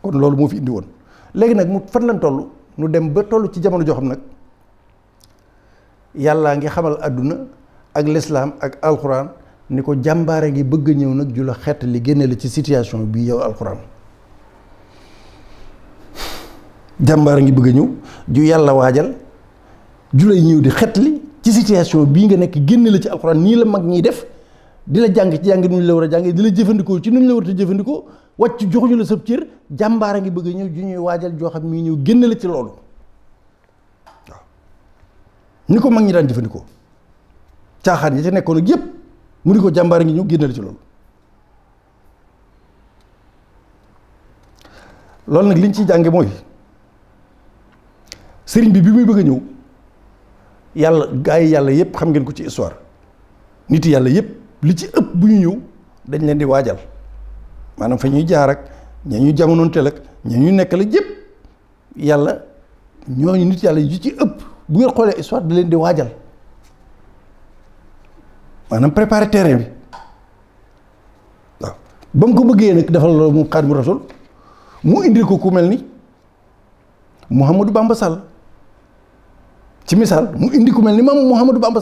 kon loolu moo fi indi woon léegi nag mu fan lañ toll nu dem ba toll ci jamono joo xam nag yàllaa ngi xamal àdduna ak lislaam ak alxuraan ni ko jàmbaare gi bëgg ñëw nag ju la xett li génne la ci situation bii yow alxuraan jàmbaar a ngi bëgg ñëw ju yàlla waajal ju lay ñëw di xett li ci situation bii nga nekk génne la ci alxuraan nii la mag ñiy def di la jàng ci jàng nu ñu la war a jàng di la jëfandikoo ci nu ñu la war a jëfandikoo wàcc joxuñu la sab cër a ngi bëgg ñëw ju ñuy waajal joo xam mii ñëw génne la ci loolu ni ko mag ñi daan jëfandikoo caaxaan yi ci nekkoon ak yépp mu ni ko jàmbaar ngi ñu génnal ci loolu loolu nag liñ ciy jànge mooy sëriñ bi bi muy bëgg a ñëw yàlla gaa yi yàlla yépp xam ngeen ko ci histoire nit yàlla yépp li ci ëpp bu ñu ñëw dañ leen di waajal maanaam fa ñuy jaar ak ña ñuy jamonoonteel ak ña ñuy nekkal ak yépp yàlla ñooñu nit yàlla yu ci ëpp bu ngeen xoolee histoire da leen di waajal maanaam préparer terrain bi waaw ba mu ko bëggee nag defal loolu moom Xaadimu Rasuul mu indil ko ku mel ni Mouhamadou Bamba ci misaal mu indi ku mel ni maam Mouhamadou Bamba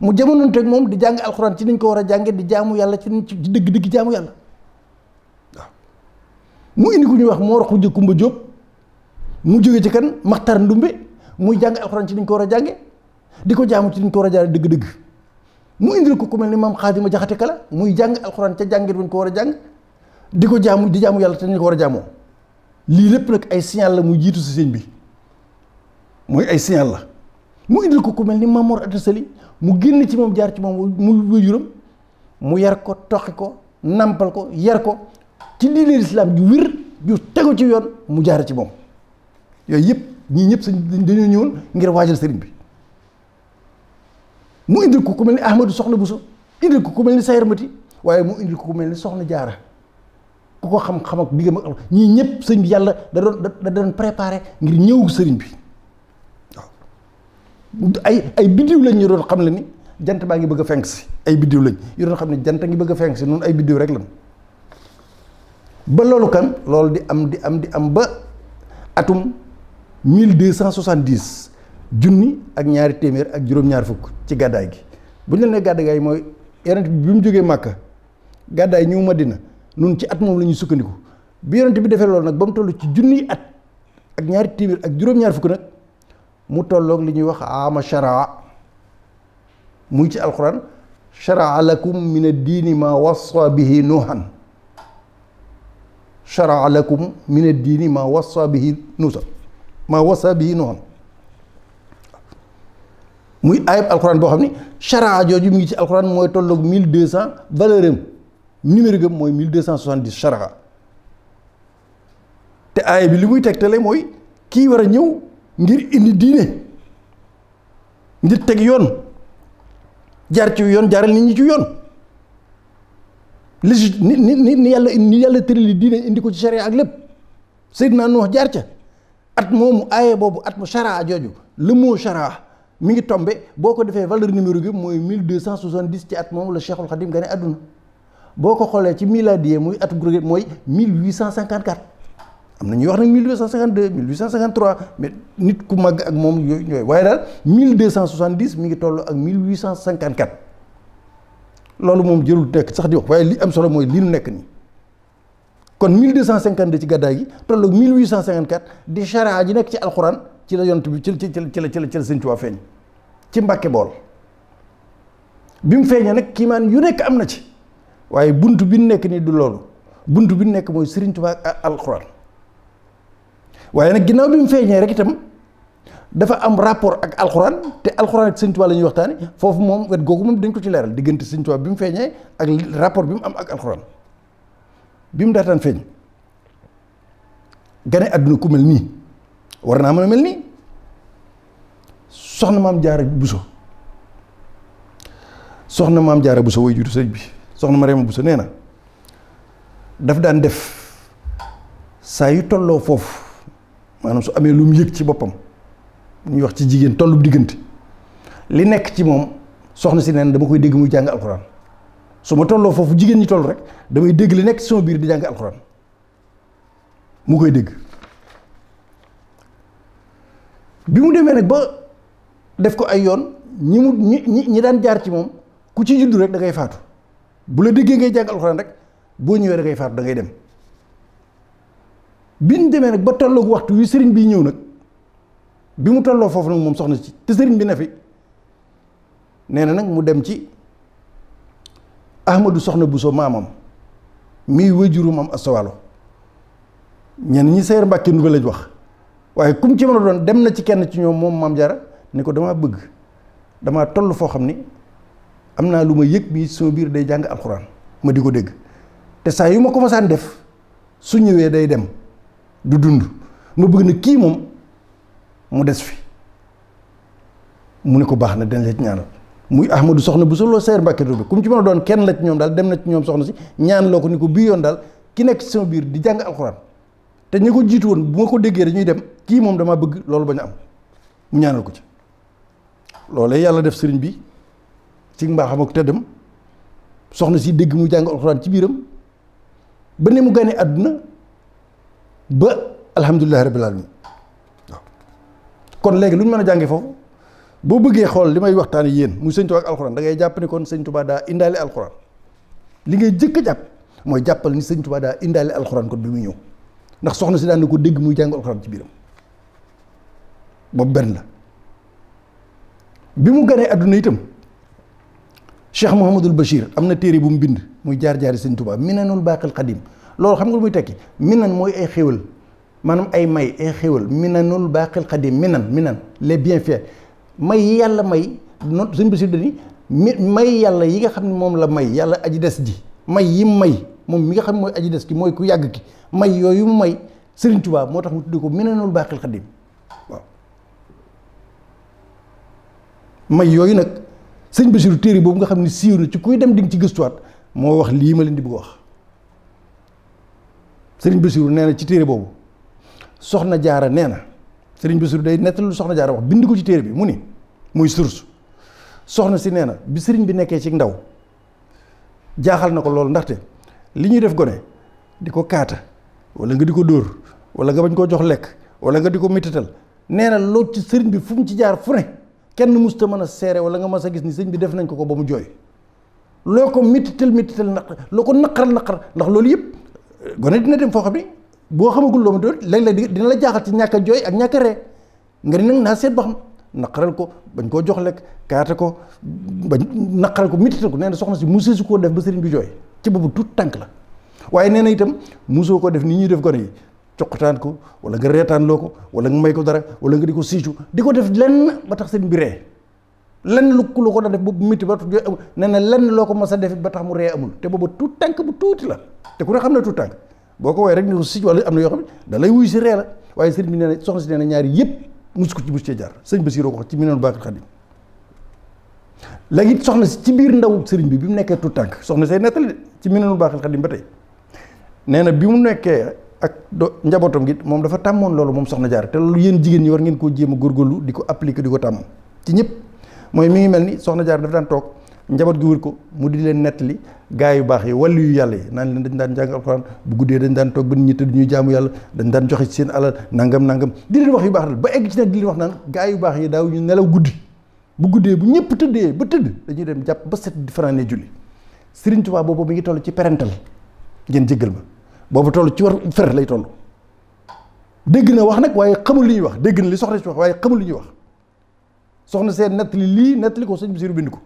mu jamonoon teg moom di jàng alxuraan ci niñ ko war a jàngee di jaamu yàlla ci ci dëgg-dëgg yàlla mu indi ku ñuy wax Mor Khoudia Koumba Diop mu jóge ci kan maxtar Ndumbe muy jàng alxuraan ci niñ ko war a jàngee di ko jaamu ci niñ ko war a jàngee dëgg-dëgg. mu indil ko ku mel ni maam xaadima jaxate kala muy jàng alxuraan ca jàngir bu ñu ko war a jàng di ko jaamu di jaamu yàlla te ñu ko war a jaamoo lii lépp nag ay signal la muy jiitu si sëñ bi mooy ay signal la mu indil ko ku mel ni maam Mor Anta mu génn ci moom jaar ci moom mu wéjuram mu yar ko toqi ko nampal ko yar ko ci diine lislaam ju wér ju tegu ci yoon mu jaar ci moom yooyu yëpp ñii ñëpp sëñ dañoo ñëwul ngir waajal sëriñ bi mu indil ko ku mel ni Ahmadou Soxna Bousso indil ko ku mel ni Sayar Mati waaye mu indil ko ku mel ni Soxna Jaara ku ko xam-xam ak diggam ak ñii ñëpp sëñ yàlla da doon da doon préparé ngir ñëw sëriñ bi ay ay biddiw lañ ñu doon xam la ni jant baa ngi bëgg fenk si ay biddiw lañ ñu doon xam ne jant a ngi bëgg a fenk si noonu ay biddiw rek lan ba loolu kan loolu di am di am di am ba atum mille deux cent soixante-dix junni ak ñaari téeméer ak juróom-ñaar fukk ci gàddaay gi bu ñu la nee gàddaay mooy yonent bi bi mu jógee Màkka gàddaay ñëw Madina nun ci at moom la ñuy sukkandiku bi yonent bi defee loolu nag ba mu tollu ci junni at ak ñaari téeméer ak juróom-ñaar fukk nag mu tolloog li ñuy wax ama sharaa muy ci alquran sharaa lakum min ad-diini ma wassa nuuhan sharaa lakum min ad-diini ma wassa bihi nuusa ma nuuhan muy ayib alxuraan boo xam ne charaa jooju mu ngi ci alxuraan mooy tolloog mille deux cent valeur am numérique am mooy mille deux cent soixante dix charaa te aaya bi li muy teg tegtale mooy kii war a ñëw ngir indi diine ngir teg yoon jaar ci yoon jaaral nit ñi ci yoon léegi ni ni ni yàlla ni yàlla tërali diine indi ko ci charia ak lépp Seydina Nuux jaar ca at moomu aaya boobu at mu charaa jooju le mot charaa mi ngi tombe boo ko defee valeur numéro gi mooy 1270 ci at moom la Cheikhul Khadim gane àdduna boo ko xoolee ci miladier muy at grégorien mooy 1854 am na ñuy wax nag 1852 1853 mais nit ku màgg ak moom yooyu yooyu waaye daal 1270 mi ngi toll ak 1854 loolu moom jërul nekk sax di waaye li am solo mooy li nu nekk nii kon 1252 ci gàddaay gi toll ak 1854 di charia ji nekk ci alxuraan. ci la yonent bi ci ci ci la ci la ci la sëñ Tuubaa feeñ ci Mbàkke Bool bi mu feeñee nag kiimaan yu nekk am na ci waaye bunt bi nekk nii du loolu bunt bi nekk mooy Sëriñ Tuubaa ak alxuraan waaye nag ginnaaw bi mu feeñee rek itam dafa am rapport ak alxuraan te alxuraan ak Sëriñ Tuubaa ñuy waxtaane foofu moom wet googu dañ ko ci leeral diggante Sëriñ Tuubaa bi mu feeñee ak rapport bi mu am ak alxuraan bi mu daataan feeñ gane àdduna ku mel nii war naa mën a mel nii soxna maam jaara buso soxna maam jaara buso way juru sëñ bi soxna ma rema buso nee na daf daan def saa yu tolloo foofu maanaam su amee lu mu yëg ci boppam ñuy wax ci jigéen tollub diggante li nekk ci moom soxna si neen dama koy dégg muy jàng alxuraan su ma tolloo foofu jigéen ñi toll rek damay dégg li nekk ci sama biir di jàng alxuraan mu koy dégg bi mu demee nag ba def ko ay yoon ñi mu ñi ñi daan jaar ci moom ku ci juddu rek da faatu bu la déggee ngay jàng alxuraan rek boo ñëwee da ngay faatu dangay dem bi ñu demee nag ba tolloog waxtu wi sëriñ bi ñëw nag bi mu tolloo foofu nag moom soxna ci te sëriñ bi ne fi nee na nag mu dem ci Ahmadou soxna Bousso maamam mii wëjuru maam Asta Waalo ñenn ñi seer Mbàkke Ndoumbé lañ wax waaye kum ci mën a doon dem na ci kenn ci ñoom moom maam jara ni ko damaa bëgg damaa toll foo xam ni am naa lu ma yëg bii sama biir day jàng alxuraan ma di ko dégg te saa yu ma ko masaan def su ñëwee day dem du dund ma bëgg na kii moom mu des fi mu ne ko baax na dañ la ci ñaanal muy Ahmadou soxna bu soloo seer Mbàkke bi kum ci mën a doon kenn la ci ñoom daal dem na ci ñoom soxna si ñaan loo ko ni ko bii yoon daal ki nekk ci sama biir di jàng alxuraan te ñi ko jiitu woon bu ma ko déggee dañuy dem kii moom dama bëgg loolu bañ a am mu ñaanal ko ci loolee yàlla def sëriñ bi ci mbaaxam ak tëddam soxna si dégg mu jàng alxuraan ci biiram ba ne mu gane àdduna ba alhamdulillahi rabbil alamin waaw kon léegi lu ñu mën a jàngee foofu boo bëggee xool li may waxtaan yéen mu sëñ Tuubaa da ngay jàpp ni daa indaale alxuraan li ngay jëkk jàpp mooy jàppal ni sëñ Tuubaa daa indaale alxuraan kon bi muy ñëw ndax soxna si daan na ko dégg muy jàng alxuraan ci biiram boobu benn la bi mu ganee àdduna itam Cheikh Mouhamadul Bachir am na téere bu mu bind muy jaar-jaari Sëñ Tuubaa minanul baaqil xadim loolu xam nga lu muy tekki minan mooy ay xéwal maanaam ay may ay xéwal minanul baaqil xadim minan minan bien bienfaits may yi yàlla may noonu Sëñ Bachir dani may yàlla yi nga xam ne moom la may yàlla aji des ji may yi may moom mi nga xam mooy aji des ki mooy ku yàgg ki may yooyu mu may Sëriñ tubaab moo tax mu tudd ko Minanul Baaqil Xadiim waaw may yooyu nag sëñ téere boobu nga xam ne siiw na ci kuy dem di nga ci gëstuwaat moo wax lii ma leen di bëgg wax sëriñ Basiru nee ci téere boobu soxna jaara nee na sëriñ Basiru day nettalu soxna jaara wax bind ko ci téere bi mu ni muy source soxna si nee na bi sëriñ bi nekkee ci ndaw jaaxal na ko loolu ndaxte li ñuy def gone di ko kaata wala nga di ko dóor wala nga bañ koo jox lekk wala nga di ko mitital nee na loolu ci sëriñ bi fu mu ci jaar fu ne kenn musta mën a seere wala nga mas a gis ni sëriñ bi def nañ ko ko ba mu jooy loo ko mitital mitital naq loo ko naqaral naqar ndax loolu yëpp gone dina dem foo xam boo xamagul loo mu doon léeg-léeg dina la jaaxal ci ñàkk a jooy ak ñàkk a nga ni naa seet ba xam naqaral ko bañ koo jox lekk kaata ko bañ naqaral ko mitital ko nee na soxna si mu séesu koo def ba sëriñ bi jooy ci boobu tout tànk la waaye nee na itam musoo ko def ni ñuy def gone yi coqataan ko wala nga reetaan loo ko wala nga may ko dara wala nga di ko siicu di ko def lenn ba tax seen bi ree lenn lu ko doon def boobu métti ba nee na lenn loo ko mos a def ba tax mu ree amul te boobu tout tànk bu tuuti la te ku ne xam ne tout tànk boo ko woowee rek ni ko siicu wala am na yoo xam ne da lay wuy si ree la waaye sëriñ bi nee na soxna si nee ñaari yëpp mus ko ci mus cee jaar sëñ Bassirou ko ci mi noonu baaxil Xadim léegi soxna si ci biir ndaw sëriñ bi bi mu nekkee tout tànk soxna say nettali ci Minanul Baaxil Xadim ba tey nee na bi mu nekkee ak do njabootam gi moom dafa tàmmoon loolu moom soxna jaar te loolu yéen jigéen ñi war ngeen koo jéema a góorgóorlu di ko appliquer di ko tàmm ci ñëpp mooy mi ngi mel ni soxna jaar daf daan toog njaboot gi wër ko mu di leen nettali gaa yu baax yi wàllu yàlla naan leen dañ daan jàng alxuraan bu guddee dañ daan toog ba nit ñi tëdd ñuy jaamu yàlla dañ daan joxe ci seen alal nangam nangam di wax yu baax dal ba egg ci nag wax naan gaa yu baax yi daaw ñu nelaw guddi bu guddee bu ñëpp tëddee ba tëdd dañuy dem jàpp ba set di fanaanee julli Serigne Touba boobu mi ngi toll ci parental ngeen jéggal ma boobu toll ci war fer lay toll dégg na wax nag waaye xamul li ñuy wax dégg na li soxna si wax waaye xamul li ñuy wax soxna seen li lii nettali ko sëñ bi Basiru bind ko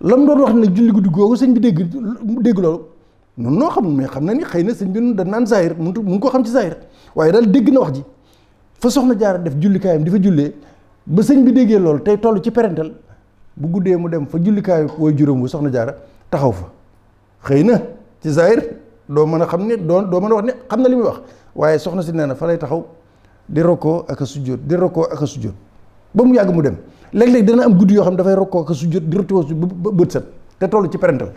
lam doon wax ne julli guddi googu sëñ bi dégg dégg loolu noonu noo xam mais xam na ni xëy na sëñ bi da naan zahir mënut mu ngi ko xam ci zahir waaye daal dégg na wax ji fa soxna jaar def jullikaayam di fa jullee ba sëñ bi déggee loolu tey tollu ci parental bu guddee mu dem fa jullikaayu woy juróom wu soxna jaara taxaw fa xëy na ci zaahir doo mën a xam ne doo doo mën a wax ne xam na li muy wax waaye soxna si nee na fa lay taxaw di rokkoo ak a sujjóot di rokkoo ak a sujjóot ba mu yàgg mu dem léeg-léeg dana am guddi yoo xam ne dafay rokkoo ak a sujjóot di rotiwoo ba bët set te tollu ci parental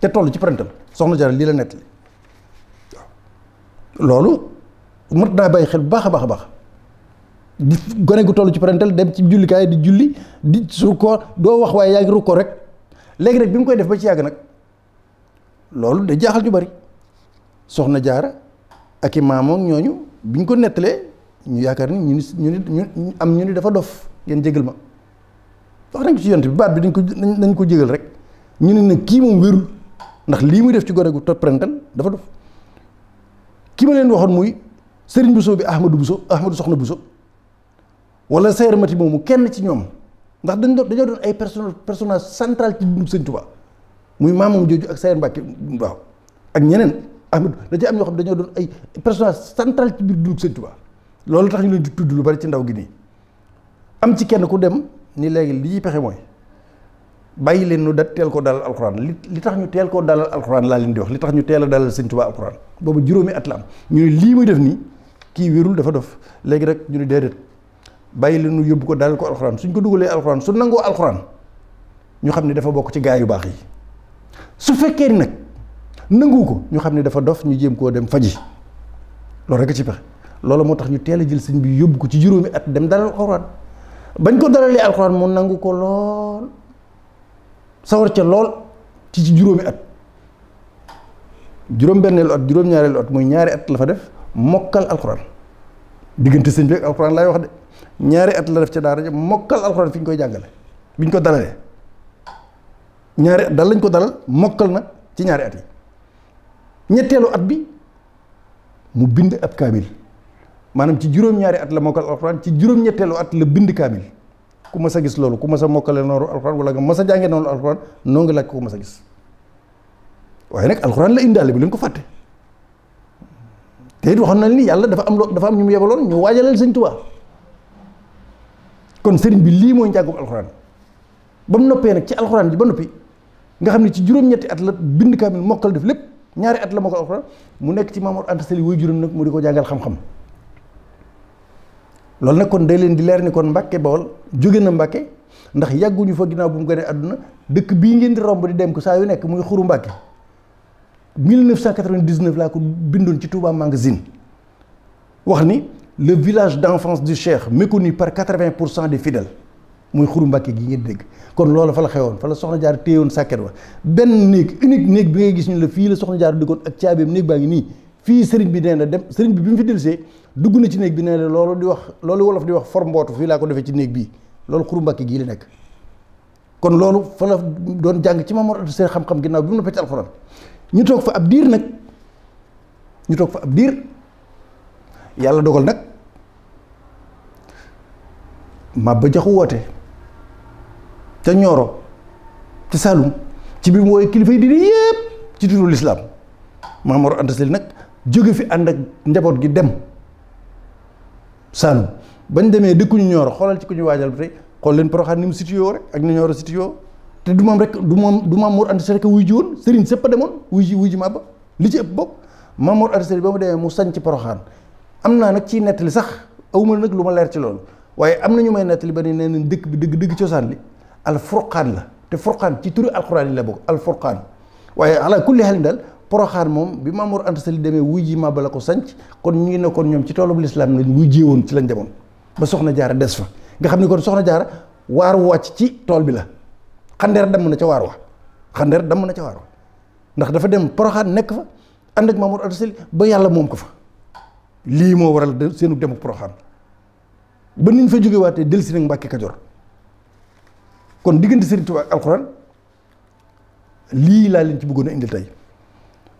te tollu ci parental soxna jaara lii la nettali loolu mat naa bàyyi xel bu baax a baax a gone gu toll ci parental dem ci jullikaay di julli di rukkoo doo wax waaye yaa ngi rukkoo rek léegi rek bi mu koy def ba ci yàgg nag loolu da jaaxal ñu bari soxna jaara ak i maamoog ñooñu bi ñu ko nettalee ñu yaakaar ni ñu ni ñu ni am ñu ni dafa dof ngeen jégal ma wax nañ ko ci yont bi baat bi dañ ko nañ ko jégal rek ñu ne nag kii moom wérul ndax lii muy def ci gone gu toll parental dafa dof kii ma leen waxoon muy sëriñ Bousso bi Ahmadou Bousso Ahmadou Soxna Bousso wala Sayer Mati moomu kenn ci ñoom ndax dañ doon dañoo doon ay personne personnage central ci dundu Sëñ Tuubaa muy maamam jooju ak Sayer Mbàkke waaw ak ñeneen Ahmadu am ñoo dañoo doon ay personnage central ci biir dundu Sëñ Tuubaa loolu tax ñu leen di tudd lu bari ci ndaw gi nii am ci kenn ku dem ni léegi li pexe mooy bàyyi leen nu da teel koo dalal alxuraan li li tax ñu teel koo dalal alxuraan laa leen di wax li tax ñu teel a dalal Sëñ Tuubaa alxuraan boobu juróomi at la am ñu ne lii muy def nii kii wérul dafa dof léegi rek ñu ne déedéet bàyyi leen ñu yóbbu ko daal ko alxuraan suñ ko dugalee alxuraan su nangoo alxuraan ñu xam ne dafa bokk ci gaa yu baax yi su fekkee nag nangu ko ñu xam ne dafa dof ñu jéem koo dem faji loolu rek ci pex loolu moo tax ñu teel a jël sëñ bi yóbbu ko ci juróomi at dem dalal alxuraan bañ ko dalalee alxuraan mu nangu ko lool sawar ca lool ci ci juróomi at juróom-benneelu at juróom-ñaareelu at muy ñaari at la fa def mokkal alxuraan diggante sëñ bi ak alxuraan laay wax de ñaari at la def ca daara ja mokkal alxuraan fi ñu koy jàngale bi ñu ko dalalee ñaari dal lañ ko dalal mokkal na ci ñaari at yi ñetteelu at bi mu bind ab kaamil maanaam ci juróom-ñaari at la mokkal alxuraan ci juróom-ñetteelu at la bind kaamil ku mas a gis loolu ku mas a mokkale noonu alxuraan wala nga mas a jàngee noonu alxuraan noo ngi laaj ko mas a gis waaye nag alxuraan la indaale bi leen ko fàtte te it waxoon na ni yàlla dafa am loo dafa am ñu ñu waajalal sëñ Tuubaa kon sëriñ bi lii mooy njàngum alxuraan ba mu noppee nag ci alxuraan ji ba noppi nga xam ne ci juróom-ñetti at la bind kaamil mokkal def lépp ñaari at la mokkal alxuraan mu nekk ci Maamor Anta Sali way juróom nag mu di ko jàngal xam-xam loolu nag kon day leen di leer ni kon Mbàkke Bawol jóge na Mbàkke ndax yàgguñu fa ginnaaw bu mu gënee àdduna dëkk bii ngeen di romb di dem ko saa yu nekk muy xuru Mbàkke 1999 laa ko bindoon ci Touba Magazine wax ni le village d'enfance du Cheikh méconnu par quatre-vingts pour cent des fidèles muy Xuru Mbàkke gi ngeen dégg kon loolu fa la xewoon fa la soxna jaar téyewoon sàkket wa benn néeg unique néeg bi ngay gis ñu la fii la soxna jaar duggoon ak caabeem néeg baa ngi nii fii sëriñ bi nee na dem sëriñ bi bi mu fi dellusee dugg na ci néeg bi nee na loolu di wax loolu wolof di wax for mbootu fii laa ko defee ci néeg bii loolu Xuru Mbàkke gii la nekk kon loolu fa la doon jàng ci Maam Mor Anta Saly xam-xam ginnaaw bi mu noppee ci alxuraan ñu toog fa ab diir nag toog fa ab diir yàlla dogal Maba Jaxu woote ca Ñooro ca Saalum ci bi mu woowee kilifa yi diine yëpp ci turu lislaam Maam Mor Anta nag jóge fi ànd ak njaboot gi dem Saalum bañ demee dëkkuñu Ñooro xoolal ci ku ñu waajal ba tey xool leen Poroxaan ni mu situé rek ak ni Ñooro situé te du moom rek du moom du Maam Mor Anta Sali rek wuy ji woon sëriñ sëpp a demoon wuy ji wuy li ci ëpp bokk Maam Mor Anta ba mu demee mu sañ ci Poroxaan am naa nag ciy nettali sax awma nag lu ma leer ci loolu waaye am na ñu may nettali ba ne nee nañ dëkk bi dëgg dëgg cosaan li alfurqaan la te furqaan ci turu alxuraan yi la al alfurqaan waaye ala kulli xalin daal poroxaan moom bi Mamour Anta demee wuy ji Maba la ko sanc kon ñu ngi nekkoon ñoom ci toolub lislaam lañ wujjee woon ci lañ demoon ba soxna jaara des fa nga xam ne kon soxna jaara waar wu wàcc ci tool bi la xandeer damm na ca waar wa xandeer damm na ca waar wa ndax dafa dem poroxaan nekk fa ànd ak Mamour ba yàlla moom ko fa lii moo waral seenu demu poroxaan ba niñ fa jógee jógewaatee dellusi nag Mbàkke Kajoor kon diggante Sëriñ Tuubaa ak alxuraan lii laa leen ci bëggoon a indil tey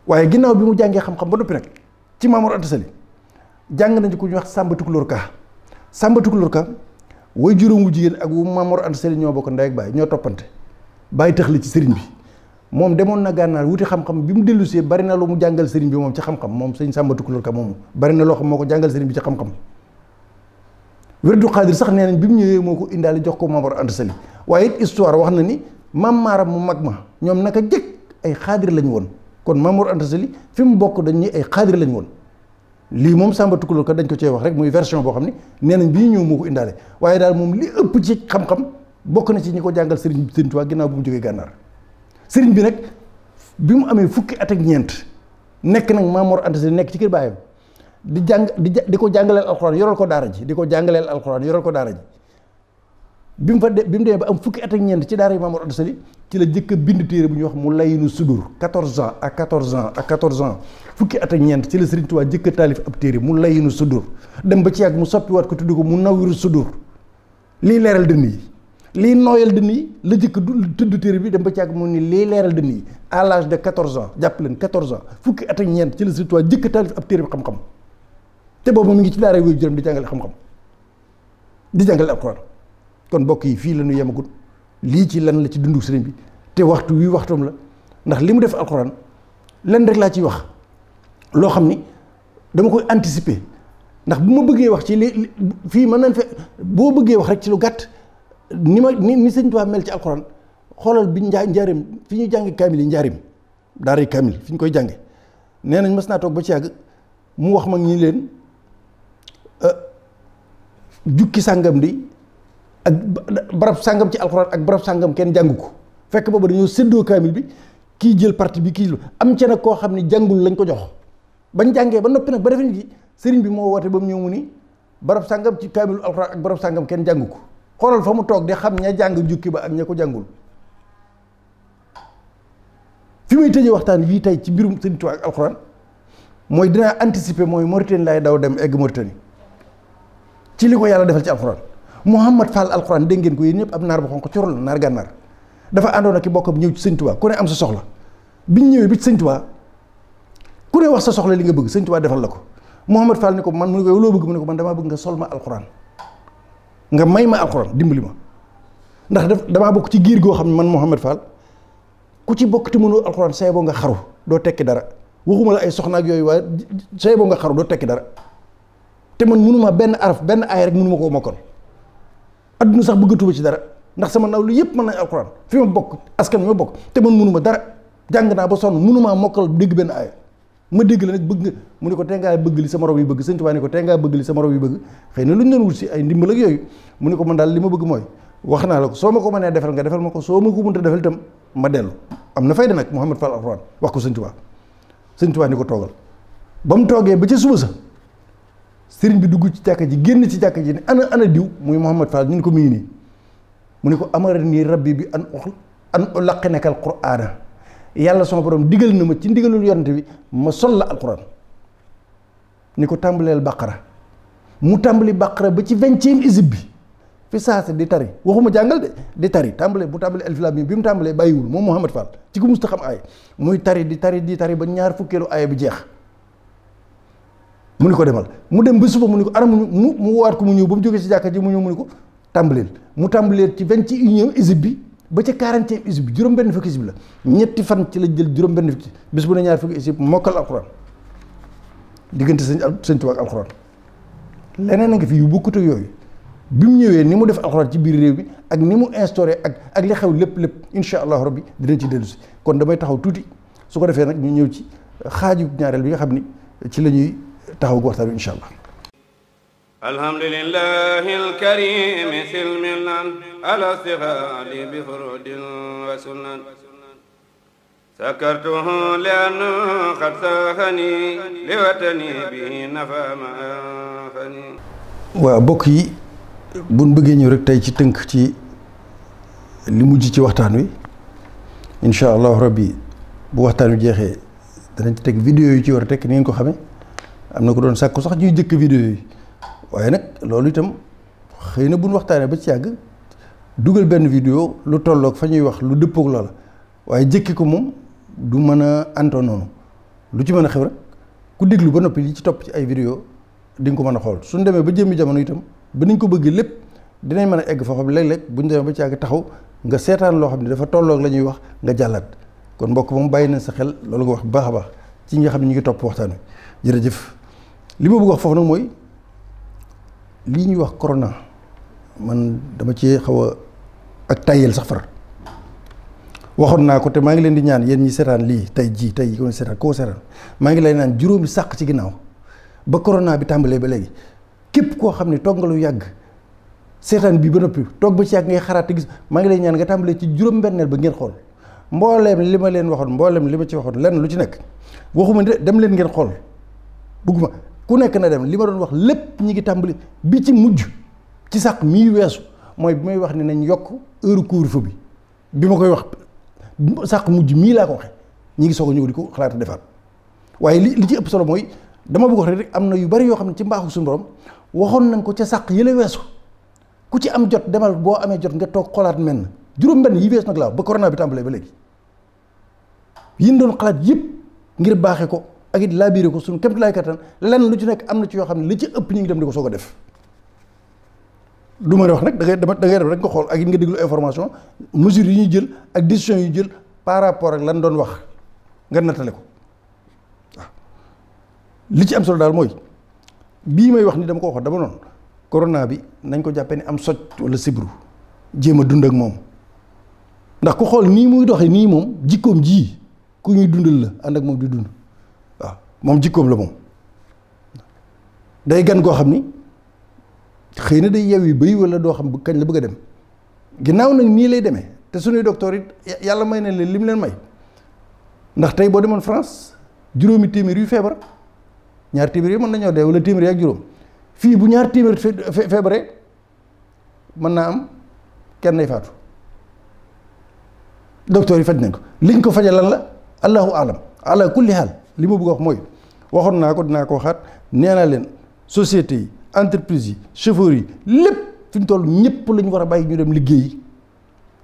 waaye ginnaaw bi mu jàngee xam-xam ba noppi nag ci Maamor Anta Sali jàng nañ ci ku ñuy wax Sàmba Tukulóor Ka Sàmba Tukulóor Ka way juróom wu jigéen ak wu Maamor Anta Sali ñoo bokk ndey ak baay ñoo toppante bàyyi tax li ci sëriñ bi moom demoon na gànnaar wuti xam-xam bi mu dellusee bari na lu mu jàngal sëriñ bi moom ci xam-xam moom sëñ Sàmba Tukulóor Ka bari na loo xam moo jàngal sëriñ bi ci xam wérdu xaadir sax nee nañ bi mu ñëwee moo ko indaale jox ko Mamor Anta Sali waaye it histoire wax na ni maam maaram mu mag ma ñoom naka jëkk ay xaadir lañ woon kon Mamor Anta Sali fi mu bokk dañ ñuy ay xaadir lañ woon lii moom Samba Tukulóor ka dañ ko cee wax rek muy version boo xam ne nee bi ñu ñëw moo ko indaale waaye daal moom li ëpp ci xam-xam bokk na ci ñi ko jàngal sëriñ bi sëriñ waa ginnaaw bu mu jógee gànnaar sëriñ bi nag bi mu amee fukki at ñeent nekk nag Mamor Anta nekk ci kër baayam di jàng di di ko jàngaleel alxuraan yoral ko daara ji di ko jàngaleel alxuraan yoral ko daara ji bi mu fa de bi mu demee ba am fukki at ak ñeent ci daara yi Mamour la jëkk a bind téere bu ñuy wax mu layinu sudur 14 ans à 14 ans à 14 ans fukki at ak ñeent ci la Serigne Touba jëkk a taalif ab téere mu layinu sudur dem ba ci yàgg mu soppiwaat ko tuddi ko mu nawiru sudur lii leeral dënn yi lii nooyal dënn yi la jëkk du tudd téere dem ba ci yàgg mu ni à l'âge de 14 ans jàpp leen 14 ans fukki at ak ñeent ci la a taalif ab téere bi xam-xam te boobu mu ngi ci daara wuy juróom di jàngale xam-xam di jàngale alquran kon mbokk yi fii la ñu yemagul lii ci lan la ci dundu sëriñ bi te waxtu wi waxtoom la ndax li mu def alquran lan rek laa ciy wax loo xam ni dama koy anticiper ndax bu ma bëggee wax ci mën nañ fe boo bëggee wax rek ci lu gàtt ni ma ni ni sëñ Tuubaa mel ci alquran xoolal bi njaa njaareem fi ñuy jàngi kaamil yi njaareem daara yi kaamil fi ñu koy jànge nee nañ mas naa toog ba ci yàgg mu wax mag ñi leen jukki sàngam di ak barab sàngam ci alxuraan ak barab sàngam kenn jàngu ko fekk booba dañoo séddoo kaamil bi kii jël parti bi kii am ca nag koo xam ni jàngul lañ ko jox bañ jàngee ba noppi nag ba defe ni sëriñ bi moo woote ba mu ñëw mu ni barab sàngam ci kaamilu alxuraan ak barab sàngam kenn jàngu ko xoolal fa mu toog di xam ña jàng jukki ba ak ña ko jàngul fi muy tëjee waxtaan wii tey ci mbirum sëriñ ak alxuraan mooy dinaa anticiper mooy Mauritanie laay daw dem egg Mauritanie ci li ko yàlla defal ci alxuraan Mouhamad Fall alxuraan dégg ngeen ko yéen ñëpp ab naar bu xonq curul naar gànnaar dafa àndoon ak i bokkam ñëw ci ku ne am sa soxla biñ ñëwee bi ci sëñ Tuubaa ku ne wax sa soxla li nga bëgg sëñ Tuubaa defal la ko Mouhamad Fall ni ko man mu ne ko yow loo bëgg mu ne ko man damaa bëgg nga sol ma alxuraan nga may ma alxuraan dimbali ma ndax daf damaa bokk ci giir goo xam ne man Mouhamad Fall ku ci bokk te mënoo alxuraan say boo nga xaru doo tekki dara waxuma la ay soxnaak yooyu waaye say boo nga xaru doo tekki dara te man mënuma benn araf benn aay rek mënuma koo mokkoon adduna sax bëggatuma ci dara ndax sama nawlu yëpp mën nañ alxuraan fi ma bokk askan ma bokk te man mënuma dara jàng naa ba sonn mënumaa mokkal dégg benn aaya ma dégg la nag bëgg nga mu ne ko tey bëgg li sama yi bëgg sëñ Tuubaa ko tey ngaa bëgg li sama rob yi bëgg xëy na lu ñu doon wut si ay ndimbal yooyu mu ne ko man daal li ma bëgg mooy wax naa la ko soo ma ko mënee defal nga defal ma ko soo ma ko mënta defal itam ma dellu am na fayda nag Mouhamed Fall alxuraan wax ko sëñ Tuubaa sëñ Tuubaa ni ko toogal ba mu toogee ba ca suba sa sëriñ bi dugg ci jàkka ji génn ci jàkka ji ne ana ana diw muy Mouhamad Fall ñu ne ko muy nii mu ni ko amara nii rabbi bi an uxl an ulaqi nekkal quraana yàlla soo borom digal na ma ci ndigalul yonante bi ma sol la alquran ni ko tàmbaleel baqara mu tàmbali baqara ba ci vingtième isib bi fi saasa di tari waxuma jàngal de di tari tàmbale bu tàmbale alif bi mu tàmbalee bàyyiwul moom Mouhamad Fall ci ku musta xam aaya muy tari di tari di tari ba ñaar fukkeelu aaya bi jeex mu ni ko demal mu dem ba suba mu ni ko anam mu mu waat ko mu ñëw ba mu jógee ci jàkka ji mu ñëw mu ni ko tàmbaleel mu tàmbaleel ci vingt ci unième isib bi ba ci quarantième isib bi juróom-benn fukki isib la ñetti fan ci la jël juróom-benn fukki bis bu ne ñaar fukki isib mokkal alxuraan diggante sëñ sëñ Tuubaa ak alxuraan leneen a fi yu bokkut yooyu bi mu ñëwee ni mu def alxuraan ci biir réew bi ak ni mu instauré ak ak li xew lépp lépp incha allahu rabbi dinañ ci dellu si kon damay taxaw tuuti su ko defee nag ñu ñëw ci xaaju ñaareel bi nga xam ni ci la ñuy taxaw gu waxtaan wi incha allah alhamdulillahi alkarim silmilan alastighali bi furudin wa sunan سكرته لأنه قد ساخني لوطني به نفى ما أنفني waaw mbokk yi buñ bëggee ñëw rek tey ci tënk ci li mujj ci waxtaan wi incha allahu rabbi bu waxtaan wi jeexee danañ ci teg vidéo yu ci war a teg ni ngeen ko xamee am na ko doon sàkku sax ñuy jëkk vidéo yi waaye nag loolu itam xëy na bu ñu waxtaanee ba ci yàgg dugal benn vidéo lu tolloog fa ñuy wax lu dëppoog loola waaye jëkki ko moom du mën a anto noonu lu ci mën a xew rek ku déglu ba noppi li ci topp ci ay vidéo di ko mën a xool suñ demee ba jëmmi jamono itam ba niñ ko bëgg lépp dinañ mën a egg foo xam léeg-léeg buñ demee ba ci yàgg taxaw nga seetaan loo xam ne dafa tolloog la ñuy wax nga jàllaat kon mbokk moom bàyyi nañ sa xel loolu nga wax bu baax a baax ci ñi xam ñu ngi topp waxtaan wi jërëjëf li ma bëgg wax foofu nag mooy lii ñuy wax corona man dama cee xaw a ak tayel sax far waxoon naa ko te maa ngi leen di ñaan yéen ñi seetaan lii tey jii tey ko seetaan koo seetaan maa ngi lay naan juróomi sàq ci ginnaaw ba corona bi tàmbalee ba léegi képp koo xam ne toog nga lu yàgg seetaan bi ba noppi toog ba ci yàgg ngay xaraat te gis maa ngi lay ñaan nga tàmbalee ci juróom-benneel ba ngeen xool mbooleem li ma leen waxoon mbooleem li ma ci waxoon lenn lu ci nekk waxuma dem leen ngeen xool bëgguma ku nekk na dem li ma doon wax lépp ñi ngi tàmbali bi ci mujj ci sax mii weesu mooy bi may wax ni nañ yokk heure couvre-feu bi bi ma koy wax sax mujj mii laa ko waxee ñi ngi soog a ñëw di ko xalaat defaat waaye li li ci ëpp solo mooy dama bëgg wax rek am na yu bari yoo xam ne ci mbaaxu suñu borom waxoon nañ ko ca sàq yële weesu ku ci am jot demal boo amee jot nga toog xolaat mel na juróom-benn yi weesu nag laa ba koronaa bi tàmbalee ba léegi yin xalaat yëpp ngir baaxee ko. ak it laabiire ko sunu képp ki laay kattan lenn lu ci nekk am na ci yoo xam ne li ci ëpp ñu ngi dem di ko soog a def du ma wax nag da ngay da ngay def rek nga xool ak it nga déglu information mesures yi ñuy jël ak décision yi jël par rapport ak lan doon wax nga nattale ko li ci am solo daal mooy bii may wax ni dama ko waxoon dama noonu corona bi nañ ko jàppee ni am soj wala sibru jéem a dund ak moom ndax ku xool nii muy doxee nii moom jikkoom ji ku ñuy dundal la ànd ak di dund. moom jikkoom la moom day gan goo xam ni xëy na day yew yi bëy wala doo xam bu kañ la bëgg a dem ginnaaw nag nii lay demee te suñuy docteur it yàlla may na leen li mu leen may ndax tey boo demoon France juróomi téeméer yu feebar ñaar téeméer yi mën nañoo dee wala téeméer yi ak juróom fii bu ñaar téeméer feebaree mën naa am kenn nay faatu docteur yi faj nañ ko liñ ko fajal la allahu alam ala kulli li ma bëgg wax mooy waxoon naa ko dinaa ko waxaat nee naa leen société yi entreprise yi chauffeur yi lépp fi mu toll ñëpp la ñu war a bàyyi ñu dem liggéey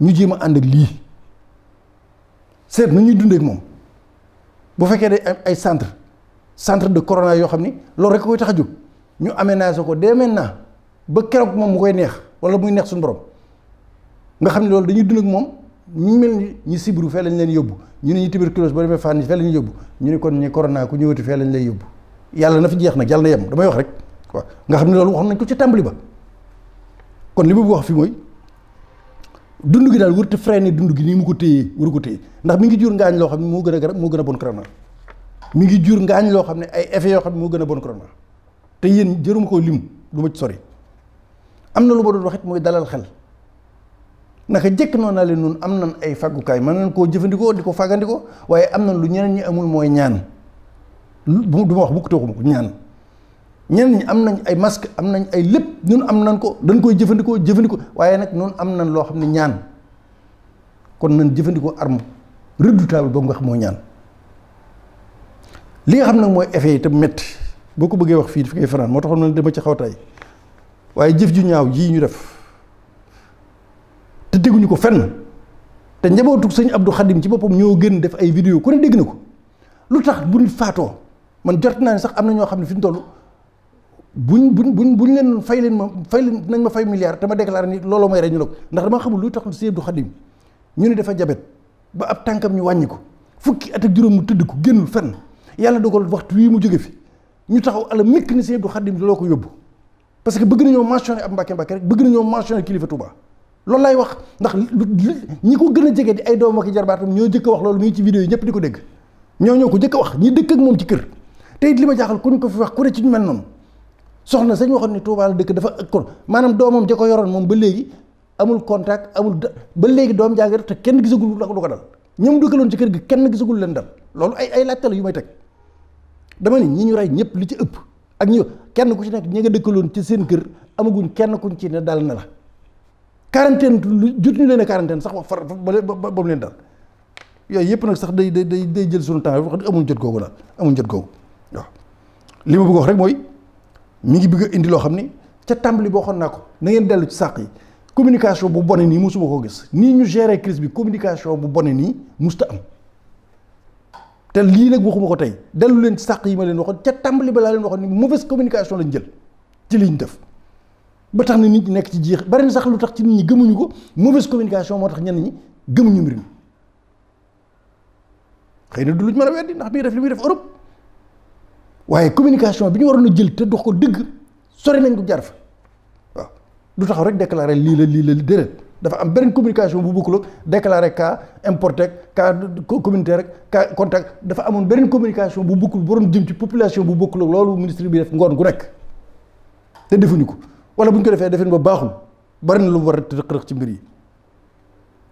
ñu jéem a ànd ak lii seet nu ñuy dundeek moom bu fekkee day ay centre centre de corona yoo xam ni loolu rek koy tax a jóg ñu aménagé ko dès maintenant ba keroog moom mu koy neex wala muy neex suñu borom nga xam ne loolu dañuy dund moom. ñu mel ni ñu sibru fee lañ leen yóbbu ñu ne ñu tuberculose boo demee fànn fee lañ yóbbu ñu ne kon ñu corona ku ñëwati fee lañ lay yóbbu yàlla na fi jeex nag yàlla na yem damay wax rek waaw nga xam ne loolu waxoon nañ ko ci tàmbali kon li ma wax fi mooy dund gi daal wërta freiné dund gi nii mu ko téyee waru ndax mi ngi jur ngaañ loo xam ne moo gën a garab moo gën a bon corona mu ngi jur ngaañ loo xam ne ay effet yoo xam ne moo gën a bon corona te yéen jëruma koo lim du ma ci sori am na lu ma doon wax mooy dalal xel naka jëkk noonu naa leen nun am nañ ay faggukaay mën nañ koo jëfandikoo di ko fàggandikoo waaye am nañ lu ñeneen ñi amul mooy ñaan lu du wax bu ko tooxuma ko ñaan ñeneen ñi am nañ ay masque am nañ ay lépp ñun am nañ ko dañ koy jëfandikoo jëfandikoo waaye nag noonu am nañ loo xam ne ñaan kon nañ jëfandikoo arme redoutable boobu nga xam mooy ñaan li nga xam nag mooy effet yi te métti boo ko bëggee wax fii daf koy fanaan moo taxoon na dama ci xaw tay waaye jëf ju ñaaw jii ñu def te dégguñu ko fenn te njabootu sëñ Abdou Khadim ci boppam ñoo gën def ay vidéo ku ne dégg na ko lu tax bu nit faatoo man jot naa ne sax am na ñoo xam ne fi mu toll buñ buñ buñ buñ leen fay leen ma fay leen nañ ma fay milliard te ma déclaré ni looloo may reñu ndax dama xamul lu tax sëñ Abdou Khadim ñu ne dafa jabet ba ab tànkam ñu wàññi ko fukki at ak juróom mu tëdd ko génnul fenn yàlla dogal waxtu wii mu jóge fi ñu taxaw ala mikk ni sëñ Abdou Khadim loo ko yóbbu parce que bëgg nañoo mentionné ab Mbàkke Mbàkke bëgg nañoo mentionné kilifa Touba loolu lay wax ndax ñi ko gën a jege di ay doom ak i jarbaatam ñoo jëkk wax loolu muy ci vidéo yi ñëpp di ko dégg ñoo ñoo ko jëkk wax ñi dëkk ak moom ci kër te it li ma jaaxal ku ñu ko fi wax ku ci ñu mel noonu soxna sañ waxoon ni Touba la dëkk dafa kon maanaam doomam ja ko yoroon moom ba léegi amul contact amul ba léegi doom jaa te kenn gisagul lu ko dal ñoom dëkkaloon ci kër gi kenn gisagul leen dal loolu ay ay laajte yu may teg dama ni ñi ñu rey ñëpp li ci ëpp ak ñi kenn ku ci nekk ñi nga dëkkaloon ci seen kër amaguñ kenn kuñ ci ne dal na la quarantaine tu jot ñu leen a quarantaine sax wax far ba ba mu leen dal yooyu yëpp nag sax day day day jël suñu temps wax amuñ jot googu la amuñ jot googu waaw li ma bëgg wax rek mooy mi ngi bëgg indi loo xam ni ca tàmbali boo xoon naa ko na ngeen dellu ci sàq yi communication bu bone nii mosuma gis nii ñu gérer crise bi communication bu bone nii musta am te lii nag waxuma ko tey dellu leen ci sàq yi ma leen wax ca tàmbali ba laa leen waxoon ni mauvaise communication lañ jël ci ñu def ba tax na nit ñi nekk ci jeex bari na sax lu tax ci nit ñi gëmuñu ko mauvaise communication moo tax ñenn ñi gëmuñu mbir mi xëy na du luñ mën a weddi ndax bii def li muy def Europe waaye communication bi ñu waroon a jël te dox ko dëgg sore nañ ko jar fa waaw du taxaw rek déclarer lii la lii la déedéet dafa am beneen communication bu bokkul ak déclarer cas importé cas communautaire rek cas contact dafa amoon beneen communication bu bokkul boroon jëm ci population bu bokkul ak loolu bi def ngoon gu nekk te defuñu ko. wala bu ñu ko defee defin ba baaxul bari lu mu war a rëq-rëq ci mbir yi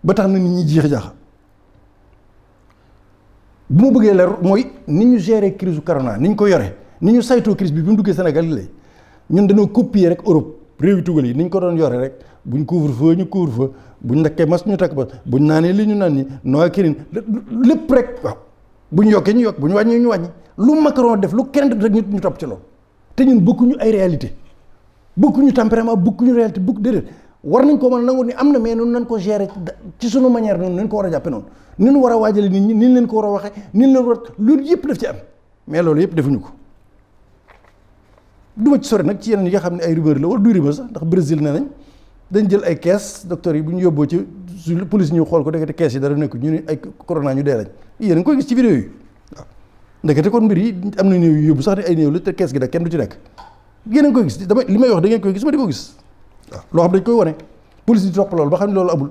ba tax na nit ñi jiix jaaxa bu mu bëggee leer mooy ni ñu gérer crise corona ni ñu ko yore ni ñu saytoo crise bi bi mu duggee Sénégal lay ñun dañoo copier rek Europe réew yi tugal yi ni ñu ko doon yore rek buñ couvre feu ñu couvre feu buñ ndakkee mas ñu takk ba buñ naanee li ñu naan ni noo kirin lépp rek waaw ñu yokkee ñu bu ñu wàññi ñu wàññi lu Macron def lu kenn rek ñu topp ci loolu te ñun bokkuñu ay réalité bokkuñu tempérament bokkuñu réalité bokk déedéet war nañ ko mën a nangu ni am na mais noonu nañ ko gérer ci sunu manière noonu nañ ko war a jàppe noonu ni ñu a waajale nit ñi ni leen ko war a waxee ni leen war loolu yëpp daf ci am mais loolu yëpp defuñu ko duma ci sori ci yeneen yi nga xam ne ay rumeur la wala du rumeur sax ndax Brésil ne nañ dañ jël ay kees docteur yi bu ñu yóbboo ci su police ñu xool ko ndekete kees yi dara nekk ñu ne ay corona ñu dee lañ yéen a ngi koy gis ci vidéo yi waaw ndekete kon mbir yi am na néew yu yóbbu sax ne ay néew la te kees gi nag kenn du ci nekk yéen a ngi koy gis damay li may wax da ngeen koy gis ma di ko gis waaw ah. loo xam dañ koy wane police di topp loolu ba xam ne loolu amul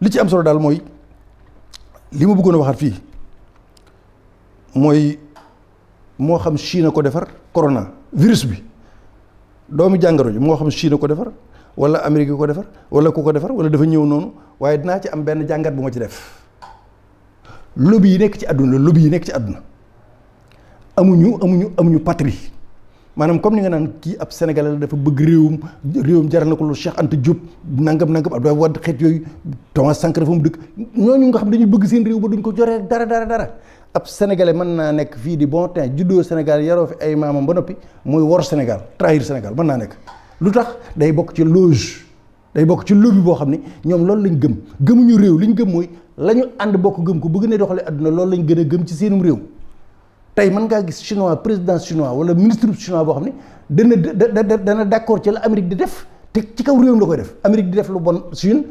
li ci am solo daal mooy li ma bëggoon a waxaat fii mooy moo xam Chine ko defar corona virus bi doomu jàngoro ji moo xam Chine ko defar wala Amérique ko defar wala ku ko defar wala dafa ñëw noonu waaye dinaa ci am benn jàngat bu ma ci def lobby yi nekk ci àdduna lobby yi nekk ci àdduna amuñu amuñu amuñu patrie maanaam comme ni nga naan kii ab sénégalais la dafa bëgg réewum réewum jaral na ko lu Cheikh Anta Diop nangam nangam Abdoulaye Wade xeet yooyu Thomas Sankara fa mu dëkk ñooñu nga xam dañu bëgg seen réew ba duñ ko joree dara dara dara ab sénégalais mën naa nekk fii di bon temps juddoo Sénégal yaroo fi ay maamam ba noppi mooy wor Sénégal trahir Sénégal mën naa nekk lu tax day bokk ci loge day bokk ci lobby boo xam ne ñoom loolu lañ gëm gëmuñu réew li ñu gëm mooy la ñu ànd bokk gëm ko bëgg ne doxalee àdduna loolu lañ gën a gëm ci seenum réew tey mën ngaa gis chinois président chinois wala ministre chinois boo xam ne dana dana dana d' accord ci la Amérique di def te ci kaw réewam la koy def Amérique di def lu bon Chine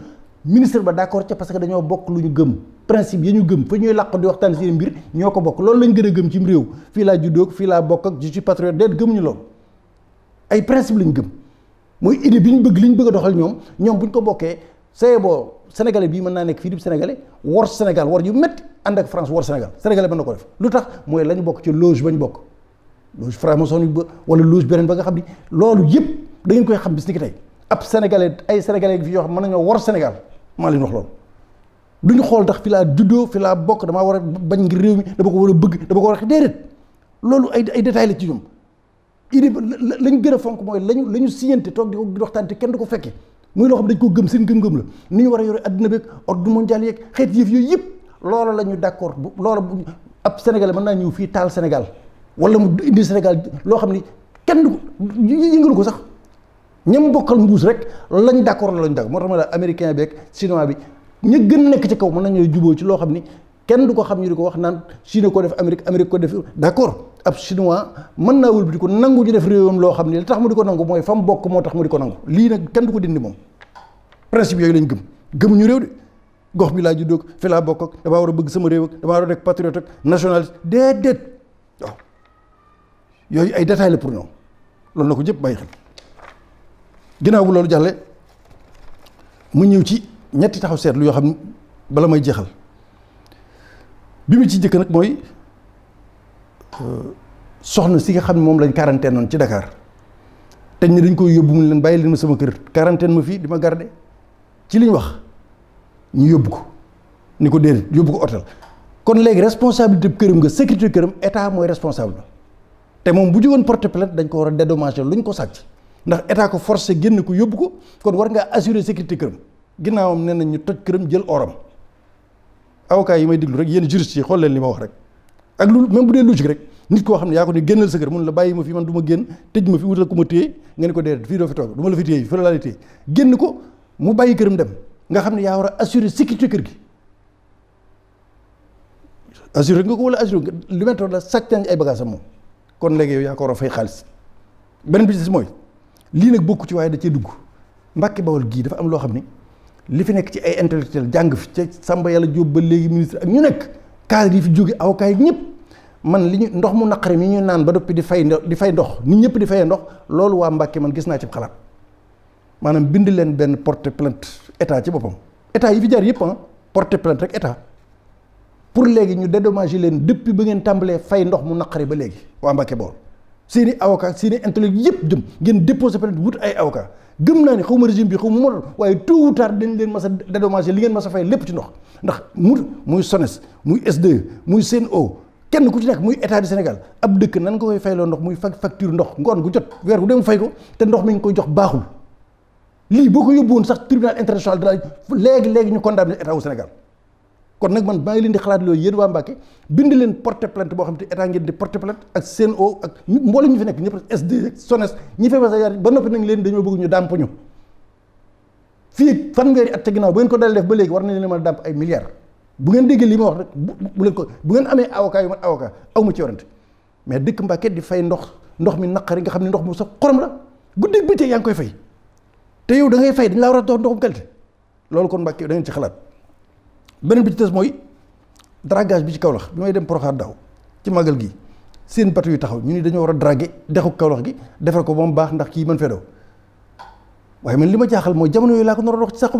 ministre ba d' accord ca parce que dañoo bokk lu ñu gëm principe yi ñu gëm fa ñuy làq di waxtaan seen mbir ñoo ko bokk loolu lañ gën a gëm ci réew fii laa juddoo fii laa bokk ak je suis patriote déet ñu loolu ay principe lañ gëm mooy idée bi ñu bëgg li ñu bëgg a doxal ñoom ñoom bu ko bokkee sayeboo sénégalais bii mën naa nekk fii di sénégalais wor Sénégal war yu métti ànd ak France wor Sénégal sénégalais mën na ko def lu tax mooy la bokk ci loge ba ñu bokk loge franc-maçon ñu ba wala loge beneen ba nga xam ni loolu yëpp da koy xam bis ni ki tey ab sénégalais ay sénégalais fi yoo xam mën nañoo war Sénégal maa leen wax loolu du ñu xool tax fi laa juddoo fi laa bokk damaa war a bañ ngir réew mi dama ko war a bëgg dama ko war a déedéet loolu ay ay détails la ci ñoom idée la ñu gën a fonk mooy lañu la ñu siyante toog di ko kenn du ko fekkee muy loo xam dañ koo gëm seen gëm-gëm la ni ñu war a yore adduna beeg ordre mondial yeeg xeet yëf yooyu yëpp loola la ñu d' accord bu loola bu ab Sénégalais mën naa ñëw fii taal Sénégal wala mu indi Sénégal loo xam ni kenn du yëngalu ko sax ñam bokkal mbuus rek lañ d' accord la lañ d' accord moo tax ma la bi beeg chinois bi ña gën nekk ci kaw mën nañoo juboo ci loo xam ni kenn du ko xam ñu di ko wax naan Chine ko def Amérique Amérique ko def d'accord ab chinois mën naa wëlbati ko nangu ñu def réewam loo xam ne li tax mu di ko nangu mooy fa bokk moo tax mu di ko nangu lii nag kenn du ko dindi moom principe yooyu lañ gëm gëm ñu réew de gox bi laa juddoo ak fi laa bokk ak damaa war a bëgg sama réew ak damaa war a nekk patriote ak nationaliste déedéet waaw yooyu la pour ñoom loolu na ko ñëpp bàyyi xel ginnaaw bu loolu jàlle mu ñëw ci ñetti taxaw seetlu yoo xam ne bala may jeexal bi mu ci jëkk nag mooy euh, soxna si nga xam ne moom lañ quarantaine noonu ci dakaar teñ ne dañ koy yóbbu mu leen bàyyi li ma sama kër quarantaine ma fii di ma garde ci liñ wax ñu yóbbu ko ni ko déedéet yóbbu ko hôtel kon léegi responsabilité këram nga sécurité këram état mooy responsable te moom bu jógoon porte plainte dañ ko war a dédommager luñ ko sàcc ndax état ko forcé génn ko yóbbu ko kon war ngaa assurer sécurité këram ginnaawam nee nañ ñu toj këram jël oram avocats yi may déglu rek yéen juriste yi xool leen li ma wax rek ak lu même bu dee logique rek nit koo xam ne yaa ko ne génnal sa kër mun la bàyyi ma fi man du génn tëj ma fi wutal ko ma téye ne ko dee fii doo fi toog du ma la fi ko mu bàyyi këram dem nga xam ne yaa war a assurer sécurité kër gi assuré nga ko wala assuré li may toog la sàcc nañ ay bagages am moom kon léegi yow yaa ko war a fay xaalis beneen bi mooy lii nag bokku ci waaye da cee dugg Mbàkke Bawol gii dafa am loo xam ni li fi nekk ci ay intellectuel jàng fi ca Samba Yàlla Jóob ba léegi ministre ak ñu nekk cadre yi fi jóge avocat yi ñëpp man li ñu ndox mu naqari mi ñu naan ba doppi di fay di fay ndox nit ñëpp di fayee ndox loolu waa Mbàkke man gis naa ci xalaat maanaam bind leen benn porte plante état ci boppam état yi fi jaar yëpp ah porte plainte rek état pour léegi ñu dédommager leen depuis ba ngeen tàmbalee fay ndox mu naqari ba léegi waa Mbàkke bool seen i avocat seen i intellectuel yëpp jëm ngeen déposé plainte wut ay avocat gëm naa ne xaw ma régime bi xaw ma moo waaye tôt ou tard dañ leen ma a dédommagé li ngeen mas a fay lépp ci ndox ndax mu muy SONES muy SDE muy o kenn ku ci nekk muy état du Sénégal ab dëkk nan nga koy fayloo ndox muy facture ndox ngoon gu jot weer gu dem fay ko te ndox mi ngi koy jox baaxul lii boo ko yóbbu sax tribunal international de la léegi léegi ñu condamné état Sénégal kon nag man bàyyi leen di xalaat loolu yéen waa Mbàkke bind leen porte plainte boo xam te état ngeen di porte plainte ak CNO ak mboolem ñu fi nekk ñëpp SDE SONES ñi feebar sa yaar ba noppi nañ leen dañoo bëgg ñu dàmp ñu fii fanweeri at ca ginnaaw ba ngeen ko dal def ba léegi war nañ leen mën a dàmp ay milliards bu ngeen déggee li ma wax rek bu leen ko bu ngeen amee avocat yu man avocat aw ma ci warante mais dëkk Mbàkke di fay ndox ndox mi naqari nga xam ne ndox mu sax xorom la guddeeg bëccëg yaa ngi koy fay te yow da ngay fay dañ laa a dox ndoxum qualité loolu kon Mbàkke da ngeen ci xalaat beneen bi ci mooy dragage bi ci Kaolack bi may dem Porokhane daw ci màggal gi seen bateau yu taxaw ñu nii dañoo war a draguer dexu Kaolack gi defar ko ba mu baax ndax kii mën fee daw waaye man li ma jaaxal mooy jamono yooyu laa ko nar a dox sax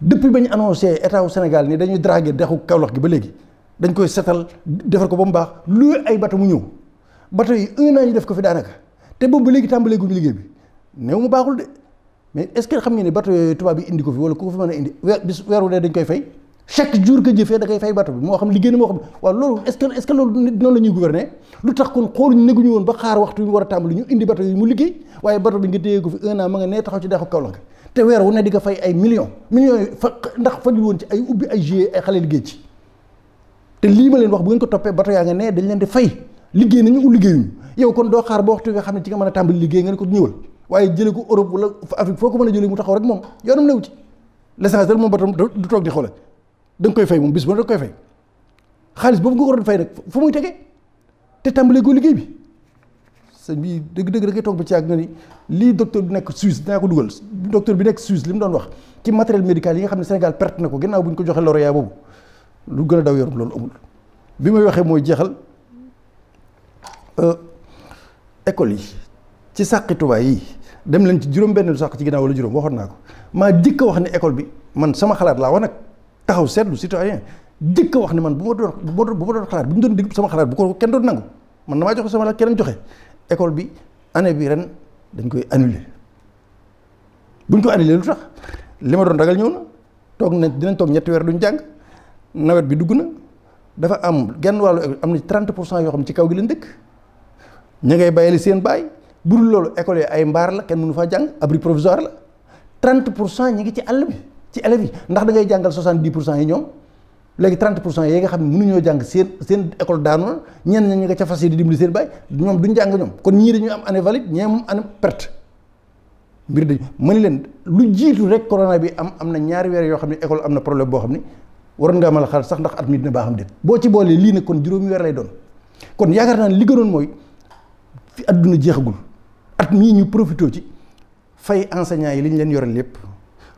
depuis ba ñu annoncé état wu senegal ni dañuy draguer dexu Kaolack gi ba léegi dañ koy setal defar ko ba mu baax lu ay bateau mu ñëw bateau yi un an ñu def ko fi daanaka te boobu léegi tàmbalee liggéey bi néew mu baaxul de mais est-ce xam nga ne bato yooyu tubaab bi indi ko fi wala ku ko fi mën a indi weer bis weer wu dee dañ koy fay chaque jour que jëfee da koy bato bi moo xam liggéey na moo xam waaw loolu est-ce loolu noonu la lu tax kon xooluñu neguñu woon ba xaar waxtu yi nga téye ko fi ay millions millions yi fa ndax fajul woon ci ay ubbi ay GIE ay xale liggéey ci te lii ma leen wax bu ngeen ko toppee bato yaa nga nee dañ leen di fay liggéey nañu u liggéeyuñu yow a tàmbali liggéey nga ne ko waaye jële ko Europe wala Afrique foo ko mën a jëlee mu taxaw rek moom yoonam néew ci l'essentiel moom ba tam du toog di xoolal da nga koy fay moom bis bu ne da koy fay xaalis boobu nga ko waroon fay nag fu muy tegee te tàmbalee ko liggéey bi sa bi dëgg-dëgg da ngay toog bi ci yàgg nga ni lii docteur bi nekk Suisse dinaa ko dugal docteur bi nekk Suisse li mu doon wax ci matériel médical yi nga xam ne Sénégal perte na ko ginnaaw bu ñu ko joxee lauréat lu gën daw yorom loolu amul bi may waxee mooy jeexal euh, école ci sàqi dem leen ci juróom-benn sax ci ginnaaw wala juróom waxoon naa ko maa jëkk a wax ne école bi man sama xalaat laa wax nag taxaw seetlu citoyen jëkk a wax ne man bu ma doon bu ma doon xalaat bu ñu doon dig sama xalaat bu ko kenn doon nangu man damaa joxe sama la keneen joxe école bi année bi ren dañ koy annulé buñ ñu ko annulé lu sax li ma doon ragal ñëw na toog nañ dinañ toog ñetti weer duñ jàng nawet bi dugg na dafa am genn wàllu am na 30 pour cent yoo xam ne ci kaw gi leen dëkk ña ngay bàyyali seen baay. bu dul loolu école yi ay mbaar la kenn mënu faa jàng abri provisoire la 30 pour cent ñi ngi ci àll bi ci élèves yi ndax da ngay jàngal 70 pour cent yi ñoom léegi 30 pour cent yi nga xam ne mënuñoo jàng seen seen école daanu la ñenn ña ñu nga ca fas yi di dimbali seen baay ñoom duñ jàng ñoom kon ñii dañuy am année valide ñee moom année perte mbir dañu mën leen lu jiitu rek corona bi am am na ñaari weer yoo xam ne école am na problème boo xam ne waroon nga amal xaalis sax ndax at mi dina baaxam déet boo ci boolee lii nag kon juróomi weer lay doon kon yaakaar naa ne li gënoon mooy fi adduna jeexagul at mii ñu profité ci fay enseignants yi li ñu leen yoral lépp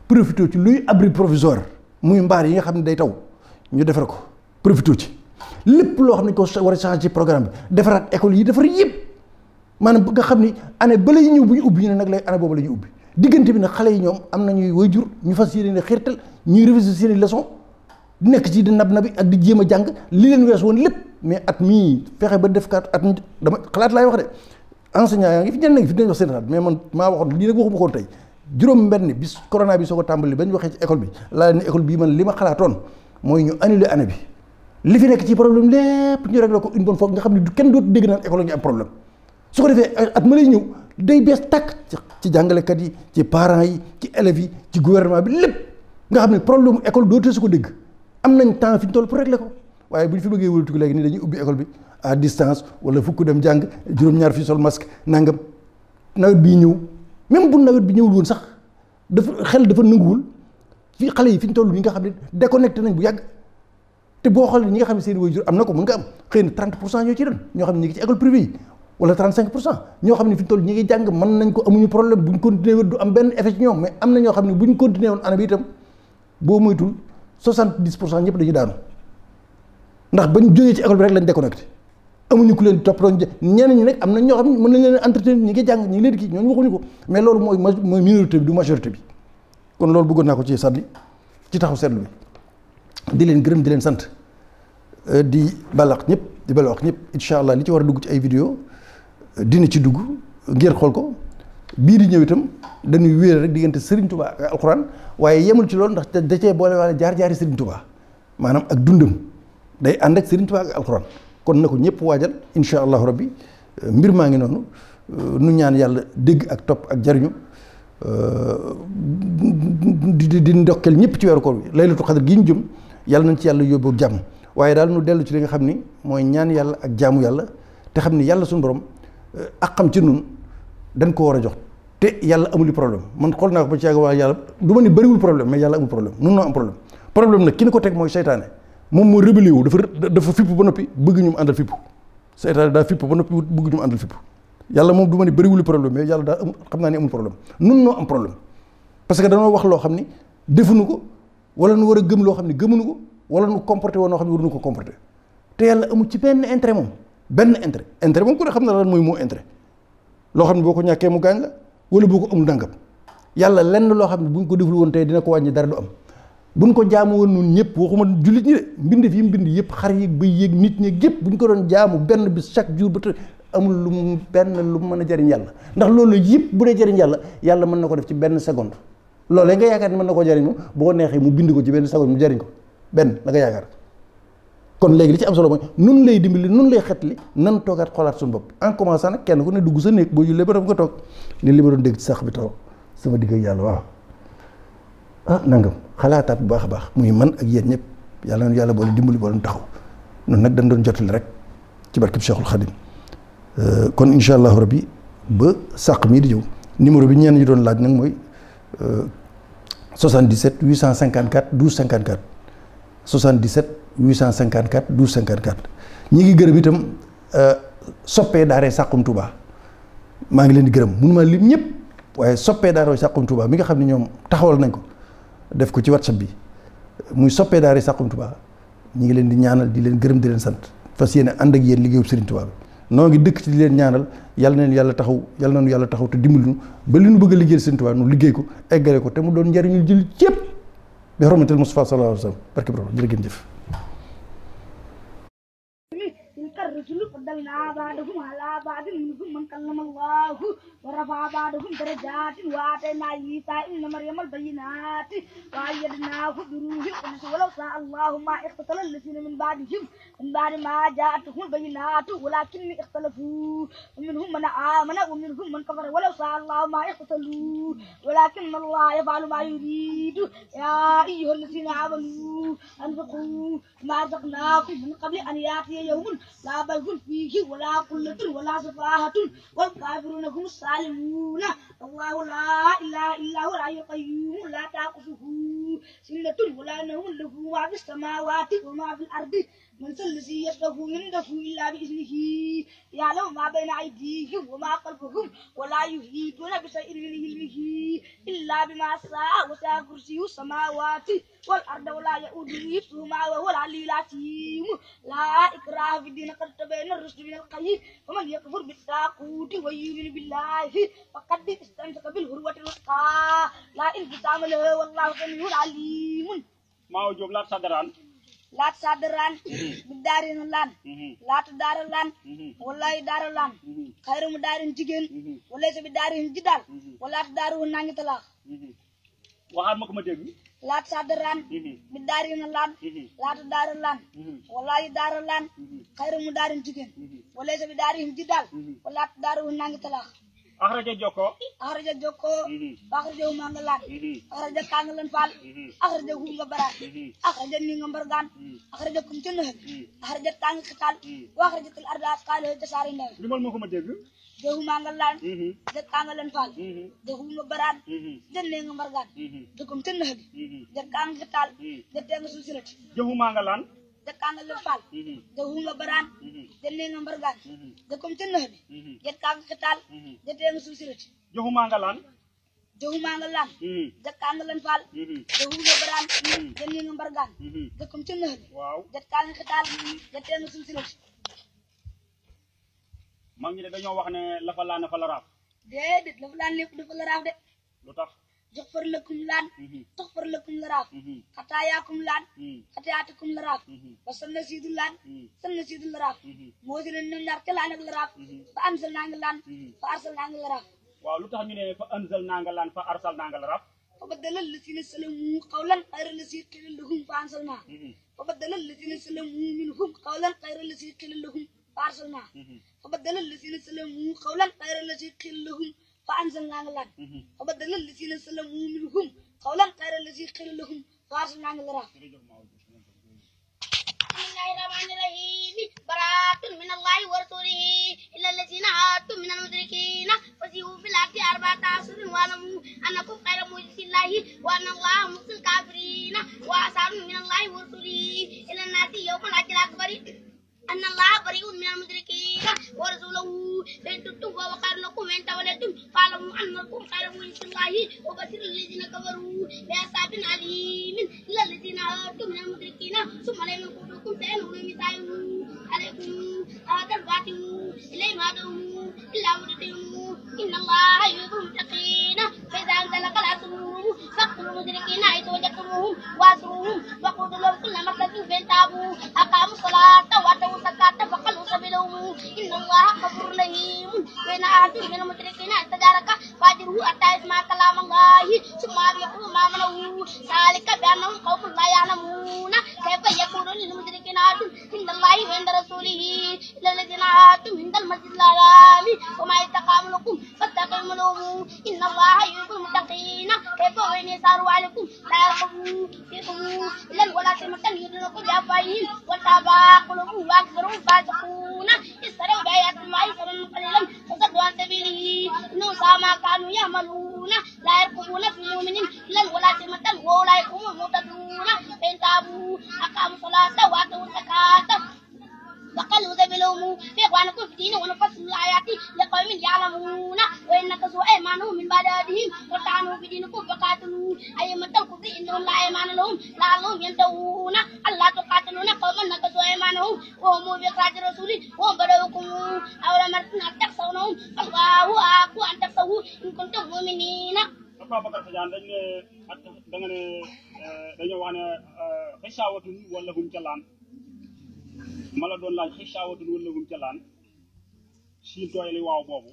profité ci luy abri provisoire muy mbaar yi nga xam ne day taw ñu defar ko profité ci lépp loo xam ne ko war a changé ci programme bi defaraat école yi defar yëpp maanaam nga xam ni année ba lay ñëw bu ñu ubbi ñu ne nag lay année boobu la ñu ubbi diggante bi nag xale yi ñoom am na ñuy jur ñu fas yéene ne xiirtal ñuy réviser seen i du nekk ci di nab nabi ak di jéem a jàng li leen wees woon lépp mais at mii fexe ba def kaat at dama xalaat wax de enseignant yaa ngi fi ñenn ngi fi dinañ wax seen xalaat mais man maa waxoon lii nag waxuma ko tey juróom benn bis corona bi soo ko tàmbali ba ñu waxee ci école bi laa leen école bii man li ma xalaatoon fi nekk ci problème lépp ko une bonne fois nga xam ne du kenn dootu dégg naan école ñu am problème su ko defee at ma lay ñëw day bees tàkk ci jàngalekat yi ci parent yi ci élèves yi ci gouvernement bi lépp nga xam ne problème école dootee su ko dégg am nañ temps fi ñu toll pour réglé ko waaye bu ñu fi bëggee wëlbatiku léegi nii dañuy école bi à distance wala fukk dem jàng juróom-ñaar fi sol masque nangam nawet bii ñëw même bu nawet bi ñëwul woon sax dafa xel dafa nanguwul fii xale yi fi ñu toll nga xam ne déconnecté nañ bu yàgg te boo xoolee ñi nga xam ne seen waajur am na ko mu nga am xëy na 30 pour cent ñoo ci dem ñoo xam ne ñi ngi ci école privée yi wala xam ne fi ñu ngi jàng man nañ ko amuñu problème buñ continuer wér du am benn efe ci ñoom mais am na ñoo xam ne buñ continuer woon ana itam boo moytul 70 pour cent ñëpp dañu daanu ndax bañ jógee ci école bi rek lañ déconnecté amuñu ku leen di toppatoo ñeneen ñi nag am na ñoo xam mën nañ leen entretenir ñi ngi jàng ñi ngi leen di kii ñooñu waxuñu ko mais loolu mooy mooy minorité bi du majorité bi kon loolu bëggoon naa ko ci sànni ci taxaw seetlu bi di leen gërëm di leen sant euh, di balax ñëpp di balax ñëpp incha allah li ci war a dugg ci ay vidéo euh, dina ci dugg ngir xool ko biir di ñëw itam dañuy wéer rek diggante Serigne tubaa ak alxuraan waaye yemul ci loolu ndax da cee boole waale jaar jaari Serigne Touba maanaam ak dundam day ànd ak Serigne Touba ak kon na ko ñëpp waajal incha allahu rabbi euh, mbir maa ngi noonu euh, nu ñaan yàlla dégg ak topp ak jariñu euh, di di ndokkeel ñëpp ci weeru koor bi laylatul xadr gi ñu jëm yàlla nañ ci yàlla yóbbu jàmm waaye daal nu dellu ci li nga xam ni mooy ñaan yàlla ak jaamu yàlla te xam ni yàlla suñu borom ak xam ci nun dañ ko war a jox te yàlla amul problème man xool naa ko ba ci yàgg waa yàlla du ma ni bëriwul problème mais yàlla amul problème nun noo am problème problème nag seytaane moom moo rébellé wu dafa dafa fipp ba noppi bëgg ñu mu àndal fipp c'est-à-dire daa fipp ba noppi bëgg ñu mu àndal fipp yàlla moom du ma ne bëriwul problème yàlla daa am xam naa ne amul problème nun noo am problème parce que danoo wax loo xam ni defuñu ko wala nu war a gëm loo xam ne gëmuñu ko wala nu comporté woon noo xam ne war waruñu ko comporté te yàlla amul ci benn intérêt moom benn intérêt intérêt moom ku ne xam na lan mooy moo intérêt loo xam ne boo ko ñàkkee mu gaañ wala boo ko amul dangam yàlla lenn loo xam ne bu ko deful woon tey dina ko wàññi dara du am bu buñ ko jaamu woon noonu ñëpp waxuma jullit ñi de mbind fi mbind yëpp xar yi ba yéeg nit ñi yëpp buñ ko doon jaamu benn bi chaque jour ba te amul lu mu benn lu mu mën a jëriñ yàlla ndax loolu yëpp bu dee jëriñ yàlla yàlla mën na ko def ci benn seconde loolee nga yaakaar ni mën na ko jariñ moom bu ko neexee mu bind ko ci benn seconde mu jariñ ko benn la nga yaakaar kon léegi li ci am solo mooy nu lay dimbali nun lay xetli nan toogaat xoolaat suñu bopp en nag kenn ku ne dugg sa néeg boo jullee ba nga toog ni li ma doon dégg ci bi taw sama digg yàlla waaw ah, nangam xalaataat bu baax a baax muy man ak yéen ñëpp yàlla na yàlla boole dimbali boole taxaw noonu nag dañ doon jotale rek ci barkeb Cheikhul Khadim euh, kon incha allahu rabbi ba sàq mii di jëw numéro bi ñeen ñu doon laaj nag mooy 77 854 12 54 77 854 12 54 ñi ngi gërëm itam euh, soppee daaree Saxum Touba maa ngi leen di gërëm mënuma lim ñëpp waaye soppee daaree Saxum Touba mi nga xam ne ñoom taxawal nañ ko def ko ci whatsapp bi muy soppee daara yi Saxum Touba ñu ngi leen di ñaanal di leen gërëm di leen sant fas yéene ànd ak yéen liggéeyub Serigne Touba bi noo ngi dëkk ci leen ñaanal yàlla na leen yàlla taxaw yàlla na nu yàlla taxaw te dimbali nu ba li nu bëgg a liggéeyal Serigne Touba nu liggéey ko eggale ko te mu doon njariñu jël cépp bi xormatel Moustapha sallallahu alayhi wa sallam barke borom jërë ngeen jëf الرجل فضلنا ورفع بعضهم درجات وآتينا عيسى ابن مريم البينات وأيدناه بروح القدس ولو شاء الله ما اختتل الذين من بعدهم من بعد ما جاءتهم البينات ولكن اختلفوا ومنهم من آمن ومنهم من كفر ولو شاء الله ما اختتلوا ولكن الله يفعل ما يريد يا أيها الذين آمنوا أنفقوا ما رزقناكم من قبل أن يأتي يوم لا بيع فيه ولا قلة ولا سفاهة والكافرون هم الصالحون العالمون الله لا إله إلا هو الحي القيوم لا تأخذه سنة ولا نوم له ما في السماوات وما في الأرض منت الذي يصرف من دفو إلا بإذنه يعلم ما بين أيديهم وما خلفهم ولا يهيدون بشيء من علمه إلا بما شاء وسع كرسيه السماوات والأرض ولا يؤوده حفظهما وهو العلي العظيم لا إكراه في الدين قد تبين الرشد من القيم ومن يكفر بالطاغوت ويؤمن بالله فقد استمسك بالعروة الوثقى لا انقسام له والله سميع عليم ما وجوب لا صدران laat sadda lan bi daarin lan laatu daara lan wallaay mm-hmm. mm-hmm. daara lan mm-hmm. xayru mu daarin jigéen wallaay sa bi daarin jiddaal walaatu daaru nangi talaax waxaat ma ko ma dégg laat sadda lan bi daarin lan laatu daara lan wallaay daara lan xayru mu daarin jigéen wallaay sa bi daarin jiddaal walaatu daaru nangi talaax akhraja joko akhraja joko akhraja hu mangalan akhraja kangalan fal akhraja hu ngabaran akhraja ni ngambargan akhraja kum ci nahar akhraja tang xital wa akhraja al arda qala hu tasari nahar limal moko ma deg de hu mangalan de kangalan fal de hu ngabaran de ni ngambargan de kum ci nahar de dëkkaanga lem faal de mm-hmm. hunga baraan de mm-hmm. nenga mbargaan de kom mm-hmm. te nëx bi de kaanga xitaal de teenga suuf sirati joxumaanga laan joxumaanga laan dëkkaanga lem faal de hunga baraan de nenga mbargaan de kom te nëx bi de kaanga xitaal de teenga suuf sirati mag ñi dañoo wax ne lafa laan fa la raaf déedéet lafa laan lépp dafa la raaf de lu tax joxfar lakum laan toxfar mhm. lakum laraaf xataayaakum laan xataayaatikum laraaf ba mhm. sanna siidu laan mhm. sanna siidu laraaf moo si leen ñoom ñaar ca laraaf fa ansal naa nga laan laraaf fa ansal naa nga laan fa arsal naa nga laraaf fa baddala allazina salamu qawlan xayra lazi qila lahum fa ansal naa fa baddala allazina salamu minhum qawlan xayra lazi qila lahum fa arsal naa fa baddala allazina salamu qawlan xayra lazi qila lahum فأنزلنا الله فبدل الذين سلموا منهم قولا غير الذي قيل لهم فأرسلنا الله بسم الله الرحمن الرحيم براءة من الله ورسوله إلا الذين عادوا من المدركين فسيحوا في الأرض أربعة أشهر واعلموا أنكم غير معجز الله وأن الله alquran siin tooy li waaw boobu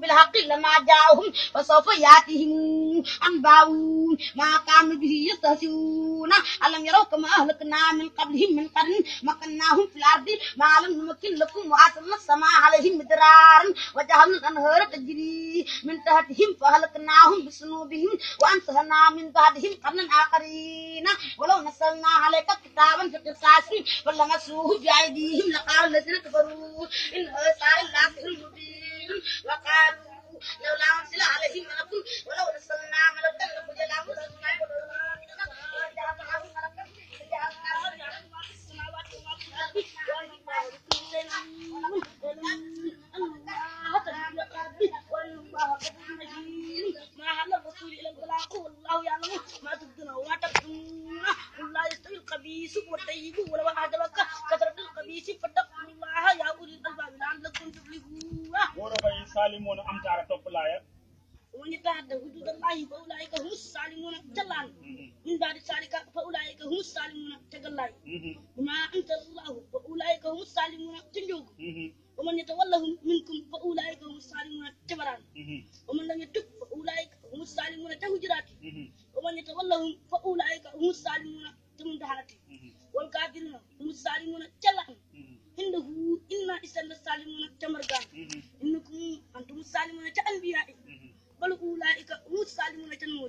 بالحق لما جاءهم فسوف ياتيهم أنباء ما كانوا به يستهزئون ألم يروا كما أهلكنا من قبلهم من قرن مكناهم في الأرض ما لم نمكن لكم وأرسلنا السماء عليهم مدرارا وجعلنا الأنهار تجري من تحتهم فأهلكناهم بذنوبهم وأنشأنا من بعدهم قرنا آخرين ولو نزلنا عليك كتابا في قصاص فلمسوه بأيديهم لقالوا الذين كفروا إن هذا إلا لولا أنزل عليه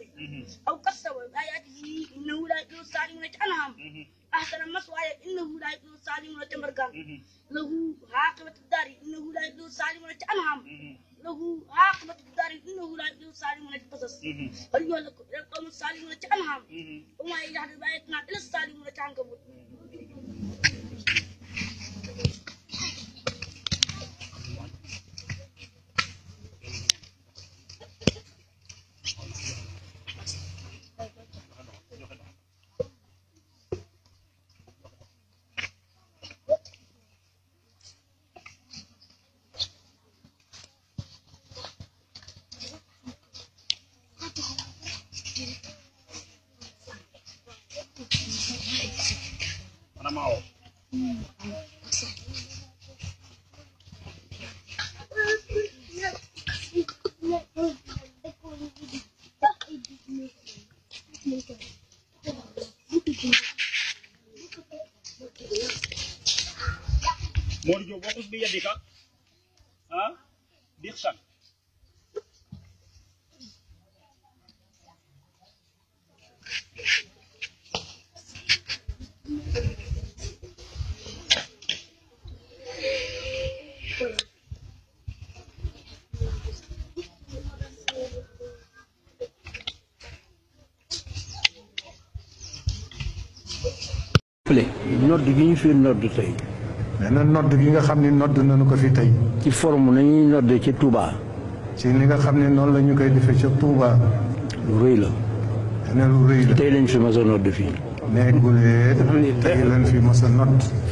الطور أو كسبوا بآياته إنه لا يكون الظالمون أنهم أحسن مسواي إنه لا يكون الظالمون تمرقان له عاقبة الدار إنه لا يكون الظالمون أنهم له عاقبة الدار إنه لا يكون الظالمون قصص فليهلك القوم الظالمون أنهم وما يجعل بآياتنا إلا الظالمون عنكبوت nodd gi ñu fi nodd tey. nee na nodd gi nga xam ni nodd nañu ko fi tey. ci forme nañuy nodd ci Touba. ci ni nga xam ne noonu lañu koy defee ci Touba. lu rëy la. nee na lu rëy la tey lañ fi mos a nodd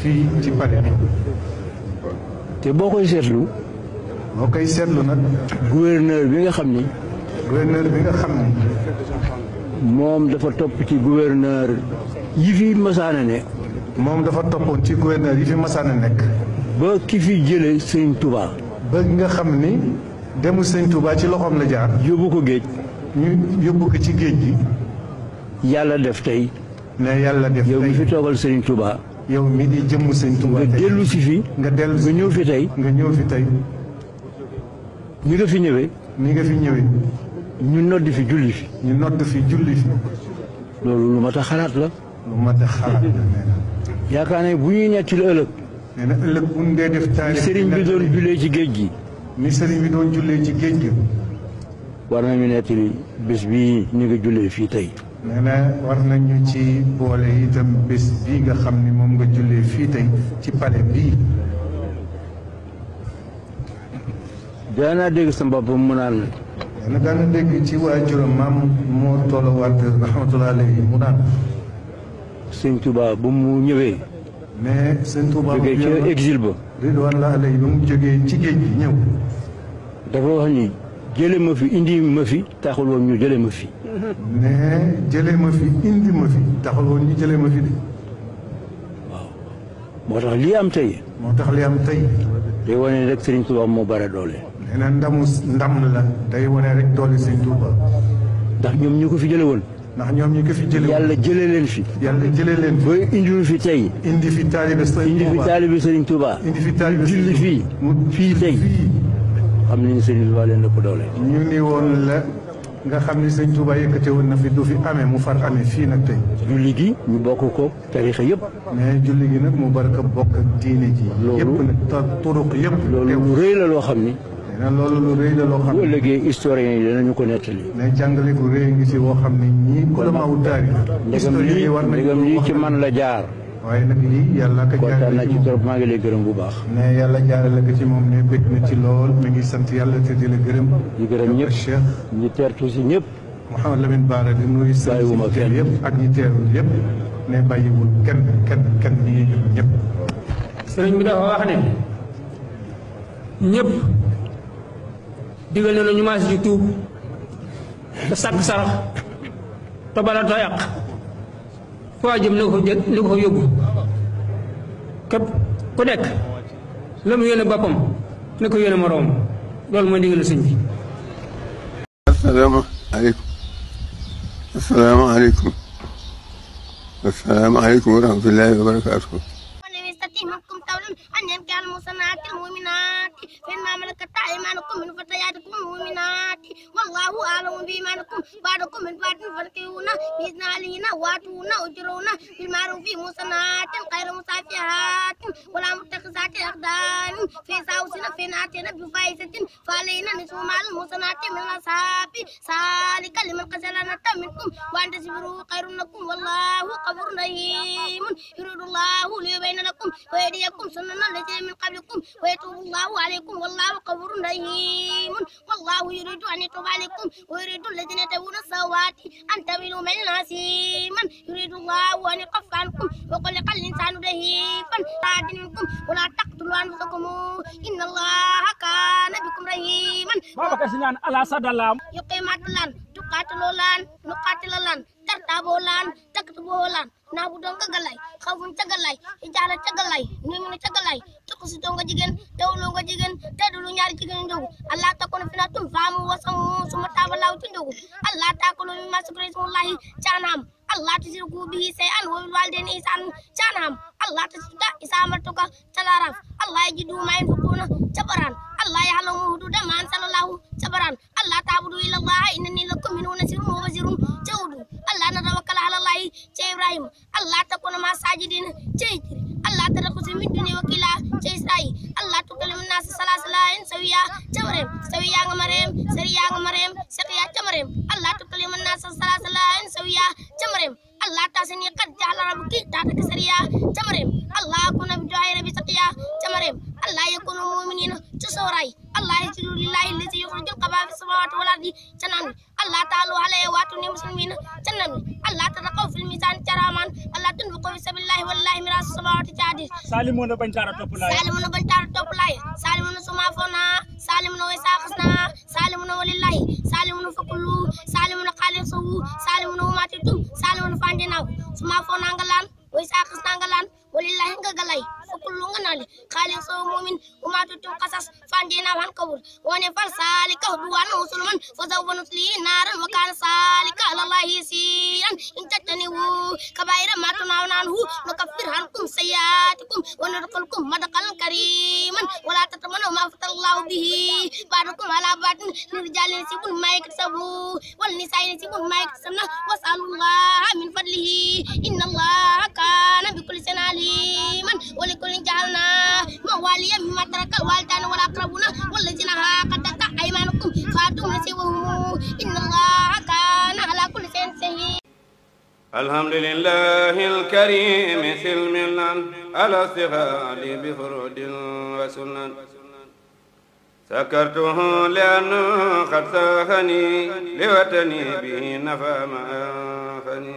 fii. ci Paris te boo koy seetlu. boo koy seetlu nag. gouverneur bi nga xam ni. gouverneur bi nga xam ni. moom dafa topp ci gouverneur yi fi masaana ne. moom dafa toppoon ci gouverneur yi fi masaana nekk. ba ki fi jëlee sëñ tubaa ba nga xam ni demu sëñ tubaa ci loxoom la jaar. yóbbu ko géej. ñu yóbbu ko ci géej gi. yàlla def tey. ne yàlla def yow fi toogal sëñ Touba. yow mi di jëmm sëñ Touba nga dellu si fi. nga dellu si nga ñëw fi tey. nga ñëw fi tey. ni nga fi ñëwee. ni nga fi ñëwee. ñu julli fi. ñu nodd fi julli fi. loolu lu mat a xalaat la. lu mat xalaat la nee na. yaakaar ne bu ñuy nettali ëllëg. nee na ëllëg bu ñu dee def taarix. sëriñ bi doon jullee ci géej gi. ni sëriñ bi doon jullee ci géej gi. war nañu nettali bés bii ñu ngi jullee fii tey. nee na war nañu ci boole itam bés bii nga xam ni moom nga jullee fii tey ci pale bii. daanaa dégg sa bopp mu naan. nee na daana dégg ci waajuram maam moo tolluwaat rahmatulah alayhi mu naan. sëñ Touba ba mu ñëwee. mais sëñ Touba mu jógee ca exil ba. ridwaan la alay ba mu jógee ci géej gi ñëw. dafa wax ni jëlee ma fi indi ma fi taxul ñu jëlee ma fi. mais jëlee ma fi indi ma fi taxul woon ñu jëlee ma fi de. moo tax lii am tey. moo tax lii am tey. day rek sëriñ Touba moo bare doole. nee na ndamu ndam la day wane rek doole sëñ Touba. ndax ñoom ñu ko fi jëlee woon. ndax ñoom ñi ko fi jëlee. yàlla jëlee leen fi. yàlla jëlee leen fi. ba indilu fi tey. indi fi taalibe Serigne Touba indi fi taalibe Serigne Touba. indi fi taalibe julli fii. fii tey xam nañu Serigne Touba leen ëpp doole. ñu ni woon la nga xam ni Serigne Touba yëkkate woon na fi fi amee mu far amee fii nag tey. julli gi ñu bokk ko tarixa yëpp. mais julli gi nag mu barka bokk ak diine ji. loolu yëpp turuq yëpp. loolu rëy la loo xam ni. nee loolu lu rëy la loo xam ne. bu ëllëgee historien ko nettali. mais jàngale ku rëy ngi si woo xam ne ñii ulamaawu taarix. ndegam lii ndegam lii ci man la jaar. waaye nag lii yàlla ka jaarale kontaan na ci trop maa ngi lay gërëm bu baax. mais yàlla jaarale ko ci moom ne bëgg na ci lool mi ngi sant yàlla te di la gërëm. di gërëm ñëpp ñi teertu si ñëpp. Mouhamed Lamine Bara di nuyu sëñ si teer yëpp ak ñi teerul yépp ne bàyyiwul kenn kenn kenn ñi ngi gërëm ñëpp. bi dafa wax ne ñëpp. digal na ñu maas ji tuub te sàkk sarax te bala ta yàq foo jëm na ko jë na ko yóbbu képp ku nekk la mu yéene boppam na ko yéene moroom loolu mooy digal sëñ bi. asalaamaaleykum asalaamaaleykum asalaamaaleykum wa rahmatullaahi wa barakaatuh يأتيكم قول أن يبقى المحصنات المؤمنات فإنما ملكت أيمانكم من فتياتكم المؤمنات والله أعلم بإيمانكم بعضكم من بعض فرقون بإذن علينا واتونا أجرون بالمعروف محصنات غير مسافحات ولا متخذات أخدان فإذا أوصينا فإن أتينا بفائزة فعلينا نصف مع المحصنات من الأصحاب ذلك لمن قتل منكم وأن تصبروا خير لكم والله غفور رحيم يريد الله ليبين لكم ويهديكم سنن الذين من قبلكم ويتوب الله عليكم والله غفور رحيم والله يريد أن يتوب عليكم ويريد الذين يتبون السوات أن تميلوا ميلا عسيما يريد الله أن يقف عنكم وخلق الإنسان رهيبا منكم ولا تقتلوا أنفسكم إن الله كان بكم رحيما بابا كسلان على صدلام يقيم عدلان تقاتلوا لان نقاتل لان ترتابوا لان تكتبوا لان naa bu doon gagalay xaw fuñ tagalay ijaara tagalay ñoom ñu tagalay tukku si tonga jigéen dawloo nga jigéen tedulu ñaari jigéen ndogu allah takono fina tum faamu wasamu suma taabalaw ci allah takolo mi masukrismullahi caanaam allah tusiru ku bihi say an wawil waldeni isaan caanaam الله تجد إذا أمرتك تعرف الله يجد ما ينفقون جبران الله يعلم حدود ما أنزل الله جبران الله تعبد إلى الله إنني لكم منه نسير وبزير جود الله نتوكل على الله يا إبراهيم الله تكون مع ساجدين جيجري الله تركز من دوني وكيلا جيسراي الله تكلم الناس سلاس لا سويا جمرم سويا غمرم سريا غمرم سقيا جمرم الله تكلم الناس سلاس لا سويا جمرم allaataasanii qad jaala rabbuki taata kasariyaa camareem allah kuna bidu'aayi rabbi taqiyaa camareem allah yakunu mu'miniina ci sooraay allah yajidu lillahi allazi yukhrijul qabaa fis samawati wal ardi ca naan wi allah taalu alayhi waatu ni muslimina ca naan wi allah tataqaw fil misaan ca raamaan allah tunfiqu fi sabilillahi wallahi mirasu samawati ca hadis salimuna bañ taara topp laay salimuna bañ taara topp laay salimuna suma fona salimuna way saaxasna salimuna walillahi salimuna fakulu salimuna xaalisahu salimuna wumaati tum salimuna fanjinaaw suma fona nga laan way saaxas naa nga laan walillahi nga galay fukullu nga nali khalin so mu'min uma tutum qasas fandina han kabur woni fal salika du wan musulman fa zawwa nusli naran wa kana salika alallahi siyan in tataniwu kabaira ma tunawna anhu nukaffir hankum sayyatikum wa nudkhilkum madqalan kariman wala tatamanu ma fatallahu bihi barakum ala batin lirjalin sibun ma yaksabu wal nisa'i sibun ma yaksabna was'alullaha min fadlihi inna allaha kana bikulli shay'in alim رحيما ولكل جعلنا مواليا مما ترك الوالدان والأقربون والذين عقدت أيمانكم فأتوا نسيبهم إن الله كان على كل شيء شهيد الحمد لله الكريم سلم على استغال بفرود وسنن سكرته لأنه قد ساخني لوطني به نفى ما